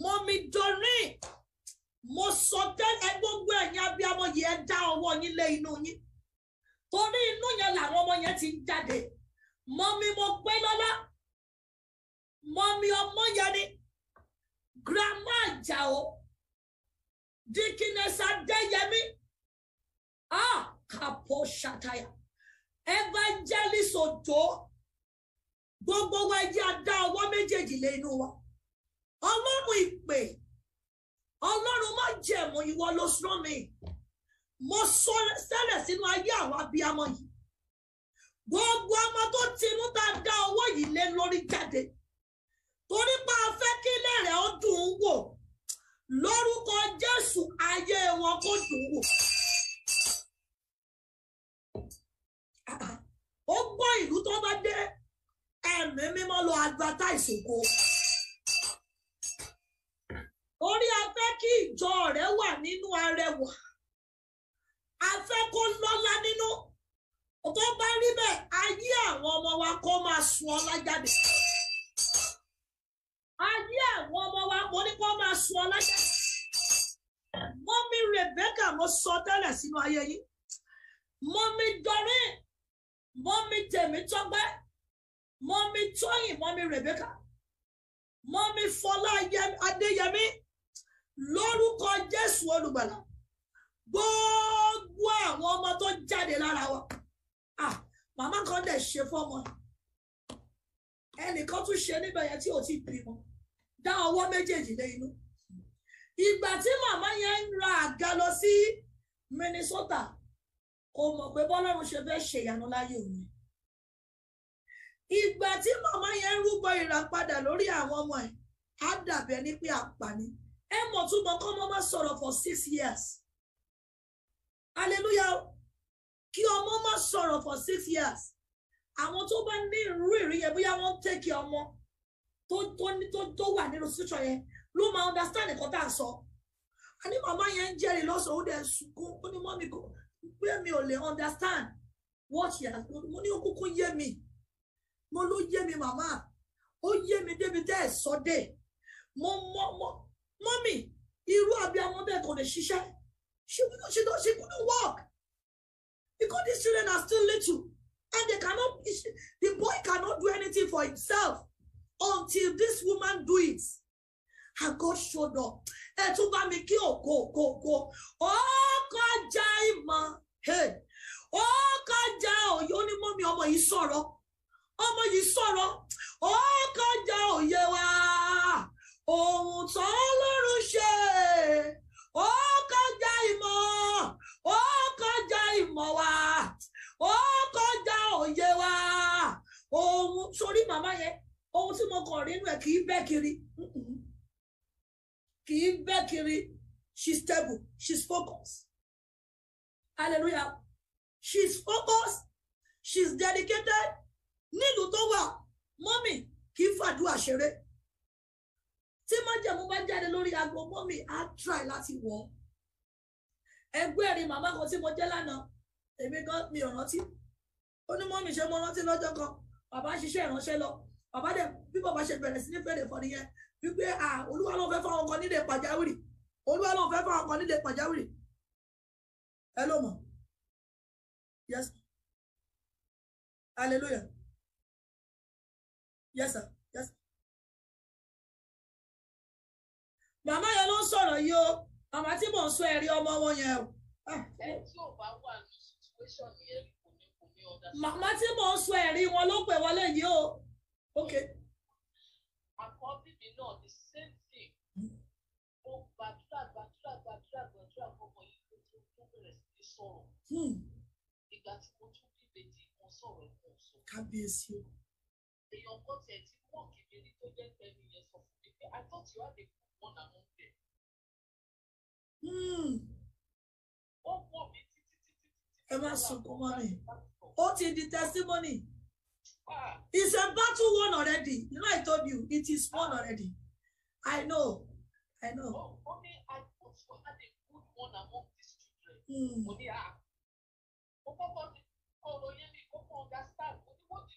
mọ́mí doreen mo sọ tẹ́lẹ̀ gbogbo ẹ̀yin abiyamọ yìí ẹ dá ọwọ́ yín lé inú yín torí inú yẹn làwọn ọmọ yẹn ti ń jáde mọ́mí mo pé lọ́lá mọ́mí ọmọ yẹn ni grandma àjàó dikinesa adéyẹmí ah kapo ṣàtàyà evangelist òjò gbogbo wa ẹjẹ́ á dá méjèèjì lé inú wa ọlọ́run ìpè ọlọ́run má jẹ̀mú ìwọ ló sún mi mo sọ sẹ́lẹ̀ sínú ayé àwọn abiyamọ yìí gbogbo ọmọ tó ti mú tá a dá ọwọ́ yìí lé lórí jáde torí pé a fẹ́ kí ilé rẹ̀ ó dùn wò lórúkọ Jésù ayé wọn kò dùn wò. Ah, ah. ó gbọ́ ìlú tó bá dé ẹ̀mí mímọ́ lọ advertise ògo orí a fẹ́ kí ìjọ rẹ wà nínú arẹwà a fẹ́ kó lọ́lá nínú tó bá rí bẹ́ẹ̀ ayé àwọn ọmọ wa kó máa sun ọlá jáde ayé àwọn ọmọ wa mo ní kó máa sun ọlá jáde mọ́mí Rebecca mo sọ tẹ́lẹ̀ sínú ayé yìí mọ́mí Doreen mọ́mí Tèmítọ́pẹ́ mọ́mí tóyìn mọ́mí rebecca mọ́mí fọlá adéyẹmí lórúkọ jésù olùgbàlà gbogbo àwọn ọmọ tó jáde lára wa ah màmá kan dẹ̀ ṣe fọ́mọ ẹnìkan tún ṣe níbẹ̀ yẹn tí ò ti bímọ dá ọwọ́ méjèèjì lé inú ìgbà tí màmá yẹn ń ra àga lọ sí Minnesota kò mọ̀ pé bọ́lọ́run ṣe fẹ́ ṣèyanu láyé òun ìgbà tí màmá yẹn rúbọ ìràpadà lórí àwọn ọmọ ẹ̀ á dàbẹ̀ ní pé àpàní ẹ mọ̀ tún mọ kọ́ mọ́ má sọ̀rọ̀ for six years hallelujah kí ọmọ má sọ̀rọ̀ for six years àwọn tó bá ní irú ìrí yẹn bóyá wọ́n ń tẹ́kì ọmọ tó tó tó tó wà nínú sísọ yẹn ló máa understand nǹkan tá à ń sọ àní màmá yẹn ń jẹ́rìí lọ́sọ̀ọ́ ó dẹ̀ sunkún ó ní mọ́mí kò pé mi ò lè understand what yẹn mo ní okùnkùn yé mi mo ló yé mi màmá ó yé mi débi tẹ́ ẹ̀ sọ dé mo mọ mọ mọ́mì irú abiyamọ bẹ́ẹ̀ kò lè ṣiṣẹ́ she couldn't she don't she couldn't work because these children are still little and they cannot the boy cannot do anything for himself until this woman do it and God showed up ẹ tún bá mi kí ògo ògo ògo ó kọjá ìmọ̀ ó kọjá òye ó ní mọ́mì ọmọ yìí sọ̀rọ̀ ọmọ yìí sọ̀rọ̀ ó kọjá òye wa ohun tó lọ́rùn ṣe ó kọjá ìmọ̀ ó kọjá ìmọ̀ wa ó kọjá òye wa ohun sórí màmá yẹn ohun tí mo kàn rí inú ẹ̀ kì í bẹ́ kiri kì í bẹ́ kiri she's stable she's focused hallelujah she's focused she's dedicated nílùú tó wà mọ́mì kì í fàdúrà ṣeré tí májẹ̀mú bá jáde lórí aago mọ́mì á try láti wọ̀ ọ́ ẹgbẹ́ rí màmá kan tí mo jẹ́ lánàá èmi gan mi ò rántí ó ní mọ́mì ṣe mo rántí lọ́jọ́ kan bàbá ń ṣiṣẹ́ ìránṣẹ́ lọ bàbá dẹ̀ bí bàbá ṣe bẹ̀rẹ̀ sí ní fèrè fọ́ nìyẹn wípé olúwa ló fẹ́ fáwọn ọkọ nílé pàjáwìrì olúwa ló fẹ́ fáwọn ọkọ nílé pàjáwìrì ẹ ló mọ̀ yes hallelujah yes sir yes sir. màmá yẹn ló ń sọ̀rọ̀ yìí o màmá tí mò ń sọ ẹ̀rí ọmọ wọn yẹn o. Ah. ẹni tí ò bá situation yẹn kò ní kò ní ọ̀dà. màmá tí mò ń sọ ẹ̀rí wọn ló pè wọlé yìí o. okay. àkọ́bí mi náà the same thing ó gbàdúrà gbàdúrà gbàdúrà gbàdúrà fọmọ yìí ló tó tó bẹ̀rẹ̀ sí ní sọ̀rọ̀ hmm. ìgbà tí mo tún bí bèjì kan sọ̀rọ̀ kan sọ. kábíyèsí o èèyàn kan tiẹ̀ ti mú òkèdè ní tó jẹ́ yẹn sọ fún mi pé I thought you had a good one among them. Hmm. ó wọ̀ mí títí títí títí. ẹ má sunkún mọ́ mi ó ti di testimony. Ah. It's a battle won already. You know, I told you it is won ah. already. I know. I know. Oh, okay. I thought you had a good one among these children. Mm. Mo ní à. Ah. Mo kọ́kọ́ ọ̀rọ̀ yẹn mi kọ́kọ́ understand. Mo ní wọ́n ti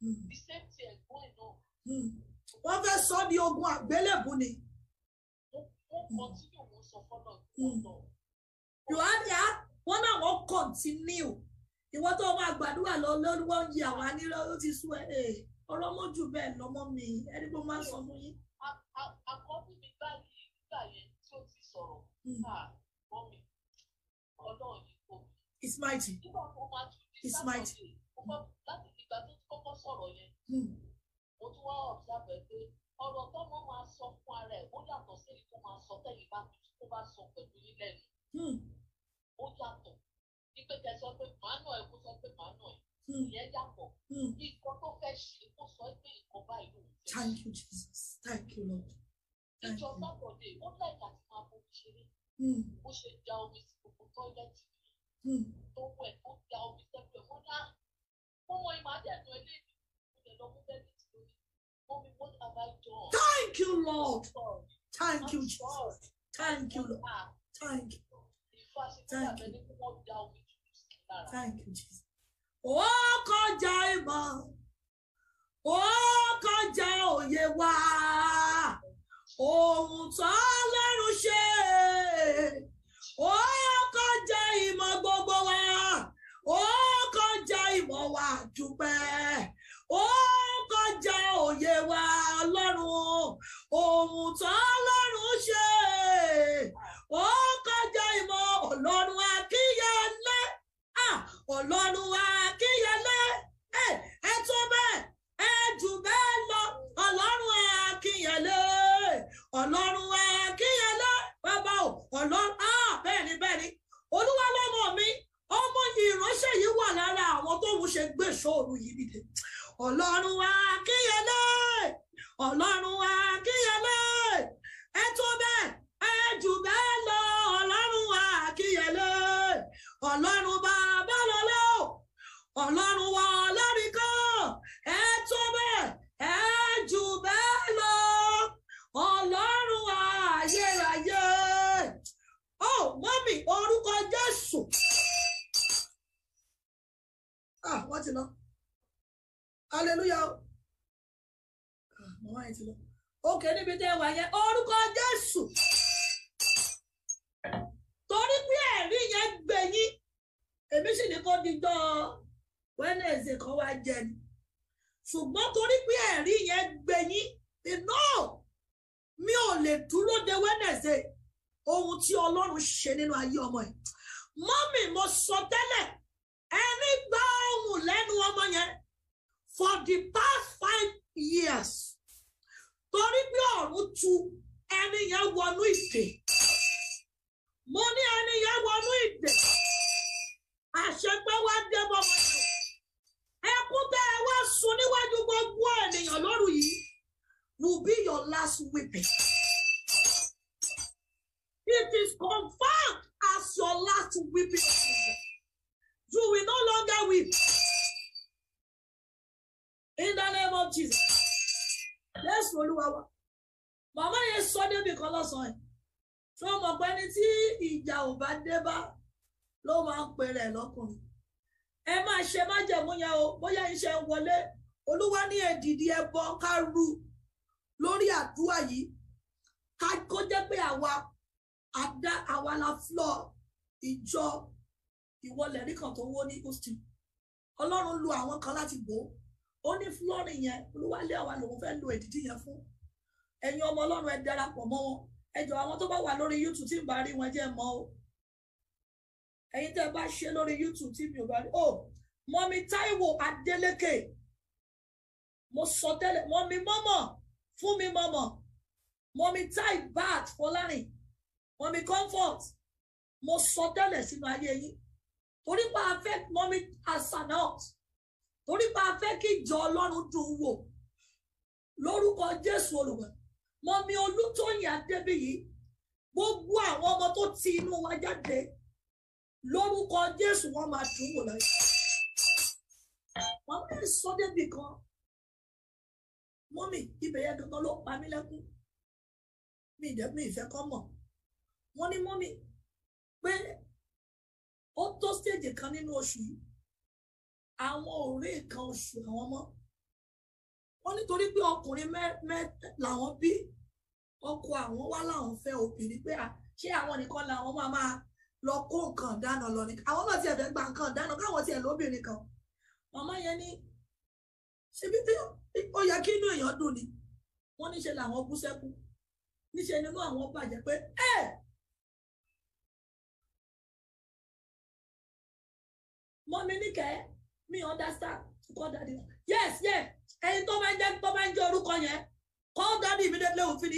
Hmm. the same thing going on. Hmm. wọ́n fẹ́ sọ ní ogun àgbélébù ni. wọ́n hmm. continue wọ́n sọ fọ́nà fọ́nà. wọn náà wọn continue ìwọ́n tó máa gbàdúrà lọ lórúkọ yìí àwọn anírọ́ ló ti sún ẹ̀ ọ̀rọ̀ mọ́jú bẹ́ẹ̀ mi ẹni máa sọ fún yín. àkọ́bí mi báyìí nígbà yẹn tí ti sọ̀rọ̀ ah, mi ọlọ́run kò. It's Láti ìgbà tó kọ́kọ́ sọ̀rọ̀ yẹn hmm. mo tún wá ọ̀bíàbẹ̀ pé ọ̀rọ̀ tọ́mọ máa sọ fún ara ẹ̀ ó yàtọ̀ sí èyí tó máa sọ tẹ́yìn bá tó bá sọ pẹ̀lú yín lẹ́nu hmm. ó yàtọ̀ ní pé kẹ́ sọ pé màánù ẹ̀ kó sọ pé màánù ẹ̀ hmm. ìyẹn yàtọ̀ nǹkan tó fẹ́ ṣe kó sọ pé nǹkan báyìí ló ń fẹ́. thank you jesus thank you lord. ìjọ sábọ̀dé ó lẹ́yìn àti máa bomi ṣeré bó ṣe da omi sí gbogbo tọ́lẹ́tì tó wẹ̀ tó da omi sẹ́gbẹ̀ẹ́ wọn náà thank you lord thank you jesus thank you lord ah. thank you thank you thank you jesus. Oh, kọjá ìmọ̀ ó kọjá òye wa ohun tó lẹ́rù ṣe ó kọjá ìmọ̀ gbogbo wa ó kọjá ìmọ̀ wa dúpẹ́ ó kọjá òye wa ọlọ́run ohun tó ọlọ́run ṣe ó kọjá ìmọ̀ ọlọ́run akíyẹlé ọlọ́run akíyẹlé ẹ tó bẹ́ẹ̀ ẹ jù bẹ́ẹ̀ lọ ọlọ́run akíyẹlé ọlọ́run. òwú yìí nìyẹn ọlọ́run wa kíyèlé ọlọ́run. ṣe májẹ̀mú yẹn o bóyá iṣẹ́ ń wọlé olúwa ní èdìdì ẹbọ ká ru lórí àdúrà yìí ká kó jẹ́ pé àwa àdá àwa la flọ ìjọ ìwọlẹ̀ rí kan tó wó ní houston ọlọ́run lu àwọn kan láti gbó ó ní flọ́ọ̀rì yẹn olúwa lé àwa lòun fẹ́ lo èdìdì yẹn fún ẹ̀yin ọmọ ọlọ́run ẹ darapọ̀ mọ́ wọn ẹ àwọn tó bá wà lórí youtube tí ń bá rí wọn jẹ́ mọ́ o ẹ̀yin tẹ́ bá ṣe lórí youtube tí mi ò bá rí o oh, mọ́mí táíwò adélékè mo sọ tẹ́lẹ̀ mọ́mí mọ́mọ́ fún mi mọ́mọ́ mọ́mí táì bad fọlárìn mọ́mí comfort mo sọ tẹ́lẹ̀ sínú ayé yín torí pa afẹ́ mọ́mí asanot, torí pa afẹ́ kí ìjọ ọlọ́run dùn wò lórúkọ jésù olùwẹ̀ mọ́mí olútóyìn adébíyí gbogbo àwọn ọmọ tó ti inú wa jáde lórúkọ jésù wọn máa dùn wò láyé màmá ẹ̀ sọ débi kan mọ́mì ibẹ̀ yẹn gangan ló pa mí lẹ́kún mi ìdẹ́ mi ìfẹ́ kọ́ mọ̀ wọ́n ní mọ́mì pé ó tó stéèjì kan nínú oṣù yìí àwọn ò rí nǹkan oṣù àwọn mọ́ wọ́n nítorí pé ọkùnrin mẹ́ta làwọn bí ọkọ àwọn wá láwọn fẹ́ obìnrin pé ṣé àwọn nìkan làwọn máa máa lọ kó nǹkan dáná lọ nìkan àwọn náà tiẹ̀ fẹ́ gba nǹkan dáná káwọn tiẹ̀ lóbìnrin kan Mama, yẹn ní ṣebí ó yẹ kí inú èèyàn dùn ni wọ́n níṣe làwọn kú sẹ́kù níṣe nínú àwọn bàjẹ́ pé ẹ. mọ́mí níkẹ́ mi understand call daddy yes yes ẹni tó máa ń jẹ́ tó máa ń jẹ́ orúkọ yẹn call daddy immediately òfin